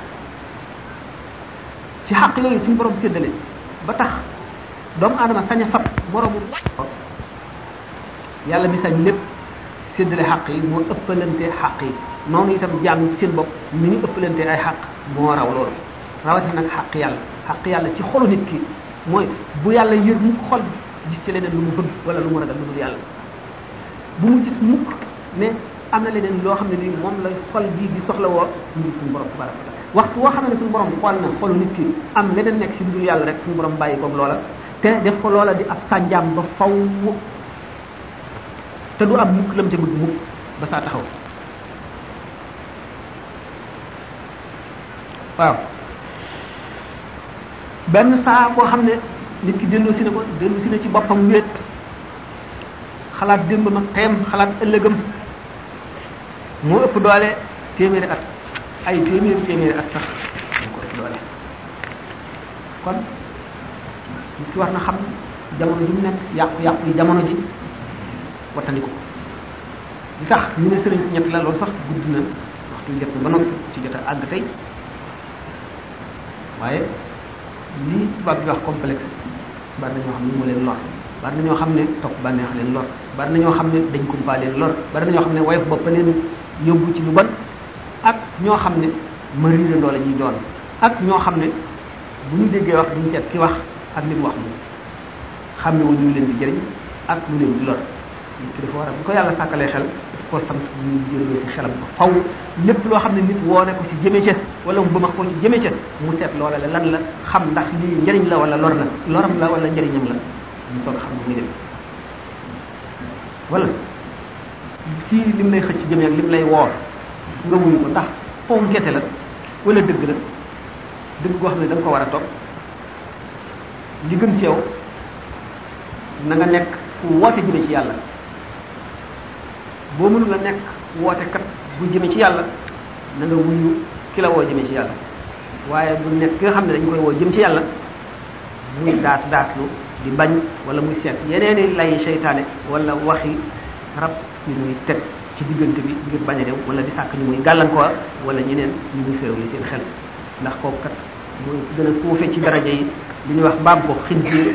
ci xàq yooyu suñu borom séddale ba tax doomu aadama sañ a fab moromu yàlla mi sañ lépp séddale xàq yi moo ëppalante xàq yi noonu itam jaam seen bopp ni ñu ëppalante ay xàq moo raw loolu rawatina nag xaq yàlla xaq yàlla ci xolu nit ki mooy bu yàlla yër mukk xol gis ci leneen lu mu bëgg wala lu mu ragal lu dul yàlla bu mu gis mukk ne am na leneen loo xam ne nii moom la xol bii di soxla woo ñu suñu borom tabaraka waxtu woo xam ne si borom xool na xolu nit ki am leneen nekk ci lu dul yàlla rek suñu borom bàyyi koog loola te def ko loola di ab sànjaam ba faw te du ab mukk lam ca bëgg mukk ba saa taxaw waaw benn saa boo xam ne nit ki dellu si na ko dellu si na ci boppam wéet xalaat démbam ak tayam xalaat ëllëgam moo ëpp doole téeméeri at ay téeméeri téeméeri at sax moo ko ëpp doole kon nit ki war na xam jamono ji mu nekk yàqu-yàqu yi jamono ji wattandiku ko li tax ñu ne sëriñ si la loolu sax gudd na waxtu njëkk ba noppi ci jot a àgg tey waaye lii tubaab di wax complexe bari na ñoo xam ne moo leen lor bari na ñoo xam ne topp bànneex leen lor bari na ñoo xam ne dañ kumpaa leen lor bari na ñoo xam ne woyof bopp leen yóbbu ci lu bon ak ñoo xam ne mariirandoo la ñuy doon ak ñoo xam ne bu ñu déggee wax duñu seet ki wax ak li mu wax moom xam ne wuñu leen di jëriñ ak lu leen di lor nit ko yàlla sàkkalee xel daf ko sant ñu jëloo si xelam ba faw lépp loo xam ne nit woo woone ko ci jëme ca wala mu bëmax ko ci jëme ca mu seet loola la lan la xam ndax lii njëriñ la wala lor la loram la wala njëriñam la mu soog xam ni muy dem wala kii lim lay xëcc jëme ak lim lay woor nga wuyu ko ndax foofu gese la wala dëgg la dëgg goo xam ne da ko war a topp li gën ci yow na nga nekk ku woote jëme ci yàlla boo mënul a nekk wootekat bu jëmee ci yàlla na nga wuyu ki la woo jëme ci yàlla waaye bu nekk ki nga xam ne dañ koy woo jëm ci yàlla muy daas daaslu di bañ wala muy seet yeneeni lay seytaane wala waxi rab yu muy teg ci diggante bi ngir bañ a dem wala di sàkk ñu muy gàllankoor wala ñeneen ñu muy féew li seen xel ndax kooku kat mooy gën a suufee ci daraja yi li ñuy wax baab ko xinsiir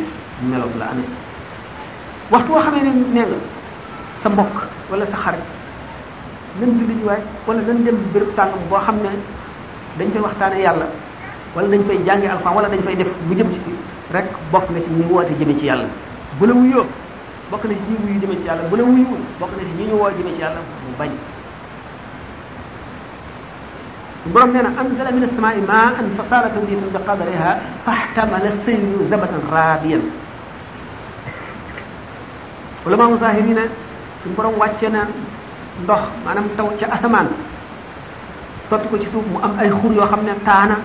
meloom la amee waxtu woo xam ne ne sa mbokk wala sa xarit nan julli ji waay wala nan dem béréb sàngam boo xam ne dañ fay waxtaane yàlla wala dañ fay jànge alxuraan wala dañ fay def bu jëm ci rek bokk na ci ñi woote jëme ci yàlla bu la wuyoo bokk na ci ñi wuyu jëme ci yàlla bu la wuyuwul bokk na ci ñi ñu woo jëme ci yàlla mu bañ borom nee na anzala min as-samaa'i maa'an fa saalat awdiyatun bi qadriha fahtamala saylu zabatan raabiyan ulama musaahirina suñu borom wàcce na ndox maanaam taw ca asamaan sotti ko ci suuf mu am ay xur yoo xam ne na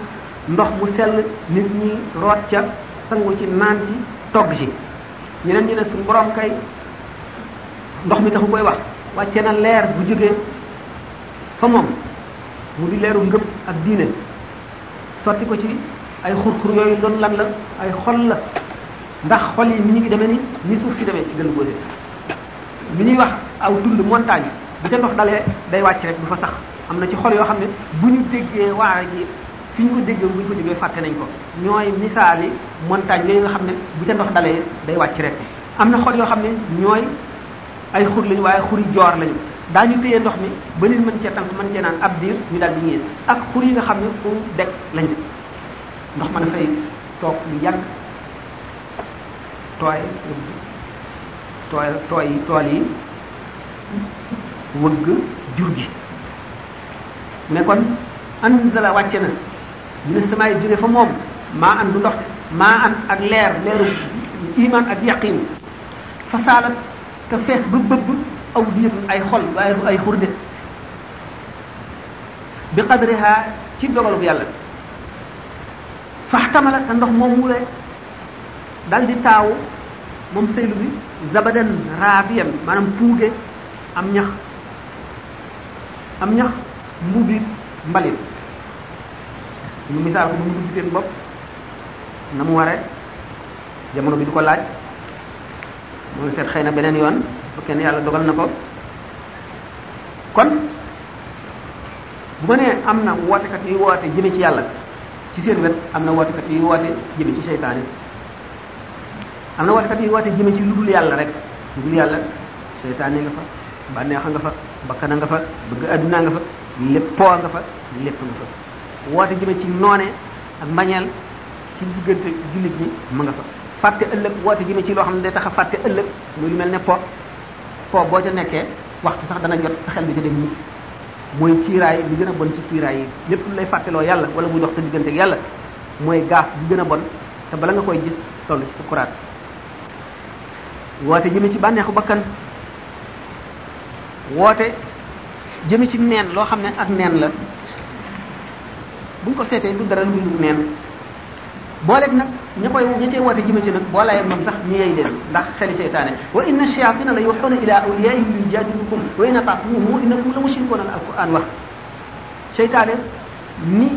ndox mu sell nit ñi root ca sangu ci naan ci togg ci ñeneen ñi ne suñu kay ndox mi taxu koy wax wàcce na leer bu jógee fa moom mu di leeru ngëp ak diine sotti ko ci ay xur-xur yooyu loolu lan la ay xol la ndax xol yi ni ñu ngi demee ni ni suuf si demee ci gën góose lu ñuy wax aw dund montagne bi ca ndox dalee day wàcc rek du fa sax am na ci xol yoo xam ne bu ñu déggee waara ji fi ñu ko déggee bu ñu ko déggee fàtte nañ ko ñooy misaali montagne yooyu nga xam ne bu ca ndox dalee day wàcc rek am na xol yoo xam ne ñooy ay xur lañu waaye xuri joor lañu ñu téye ndox mi ba nit mën cee tànk mën cee naan ab diir ñu daal di ñiis ak xur yi nga xam ne xur dekk lañu ndox ma dafay toog lu yàgg tool tooy tool yi wëgg jur gi kon anzala wàcce na mina samaay jóge fa moom maa an du ndox maa an ak leer leeru iman ak yaqin fasaalat te fees ba bëbb aw diyatun ay xol ay xurde bi qadriha ci dogalu yàlla faxtamala te ndox moom mu le di taawu moom seylu bi zabadan raafiyan maanaam puuge am ñax am ñax mbubi mbalit ñu misaal ko bu mu dugg seen bopp na mu waree jamono bi du ko laaj moo seet xëy na beneen yoon bu kenn yàlla dogal na ko kon bu ma nee am na wootekat yuy woote jëme ci yàlla ci seen wet am na wootekat yuy woote jëme ci seytaane am na wootekat yi woote jëme ci lu dul yàlla rek lu dul yàlla seytaane nga fa bànneexa nga fa bakkana nga fa bëgg addunaa nga fa léppoo nga fa lépp nga fa woote ci noone ak mbañeel ci diggante jullit ñi mu nga fa fàtte ëllëg woote jëme ci loo xam ne day taxa a fàtte ëllëg muy lu mel ne po po boo ca nekkee waxtu sax dana jot sa xel bi ca dem ñi mooy kiiraay li gën a bon ci kiiraay yi lépp lu lay fàtteloo yàlla wala muy dox sa diggante yàlla mooy gaaf bi gën a bon te bala nga koy gis toll ci sa woote jëme ci bànneexu bakkan woote jëme ci neen loo xam ne ak neen la bu ko seetee du dara lu dul neen booleeg nag ña koy ña cay woote jëme ci nag boole moom sax ni yey leen ndax xeli seytaane wa inna shayatina la yuxuuna ila awliyaihim yujaadilukum wa in ataatumuhum innakum la mushrikuuna al alquran wax seytaane ni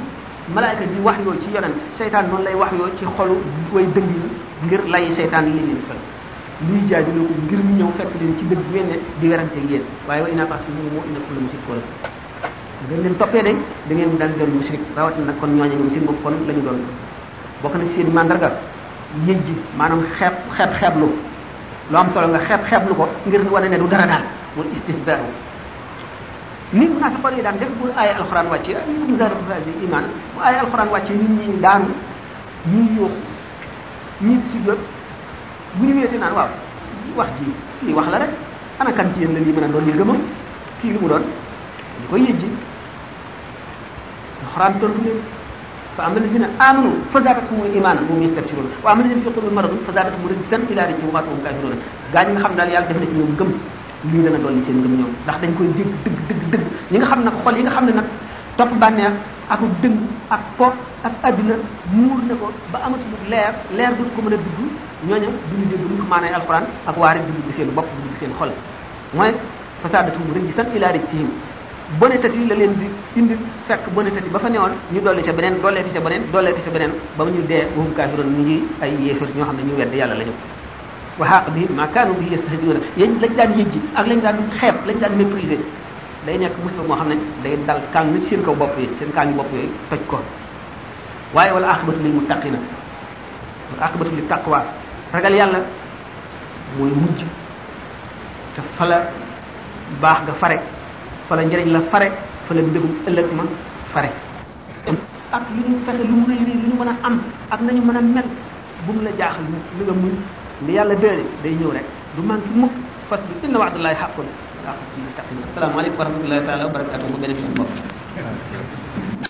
malaayka di wax yoo ci yonent seytaan noonu lay wax yoo ci xolu way dëng yi ngir lay seytaan li leen fël luy jaaju loo ko ngir mu ñëw fekk leen ci dëgg ngeen ne di werante ak waaye wa inaa pax ti moom moo ina kulla musrik koo la ngeen leen toppee de da ngeen daan doon musrik rawatina nag kon ñooñe ñoom seen bopp kon la ñu doon bokk na seen mandarga yëj ji maanaam xeeb xeeb xeeblu lu am solo nga xeeb xeeblu ko ngir wane ne du dara daal mooy istihzaaru ni munaafiqoon yi daan def bu aaya alxuraan wàcce yéen zaadakum iimaan bu aaya alxuraan wàcce nit ñi daan ñii yuux ñii di sujjóot bu ñu wéetee naan waaw wax ji kii wax la rek ana kan ci yéen la lii mën a doon li gëmam kii lu mu doon ñu koy yëjji alxuraan tontu leen fa am alladina amanu fa zaadathum imaanan wa hum yastabshiruna wa am alladina fi qulubihim maradun fa zaadathum rijsan ila rijsihim wa qaatahum kaafiruna gaa ñi xam daal yàlla def na ci ñoom gëm lii dana dolli seen ngëm ñoom ndax dañ koy dégg dëgg dëgg ñi nga xam ne xol yi nga xam ne nag topp bànneex ak dëng ak pot ak àddina muur na ko ba amatul leer leer du ko mën a dugg ñooñu duñu dégg lu maanaay alxuraan ak waare du dugg seen bopp du dugg seen xol mooy fasaadatum rijsan ilaa rijsihim bonetati la leen di indi fekk bonetati ba fa woon ñu dolli ca beneen dolleeti ca beneen dolleeti ca beneen ba ñu dee wahum kaafiroon ñu ngi ay yéefar ñoo xam ne ñu wedd yàlla la ñu wa haaq bihim maa kaanu bihi yastahzi'uun yéen lañ daan yëjji ak lañ daan xeeb lañ daan mépriser day nekk musiba moo xam ne day dal kàng ci seen kaw bopp yi seen kàng bopp yooyu toj ko waaye wala aqibatu lil muttaqina wala aqibatu li taqwa ragal yàlla mooy mujj te fala baax ga fare fala njëriñ la fare fala mbégum ëllëg ma fare ak lu ñu fexe lu mu rëy rëy lu ñu mën a am ak nañu mën a mel bu mu la jaaxal li nga muñ li yàlla déere day ñëw rek du manqué mukk fas bi inna wa'dallahi haqqun waaw asalaamaaleykum wa rahmatulahi taala wa barakatuh ba beneen suñu bopp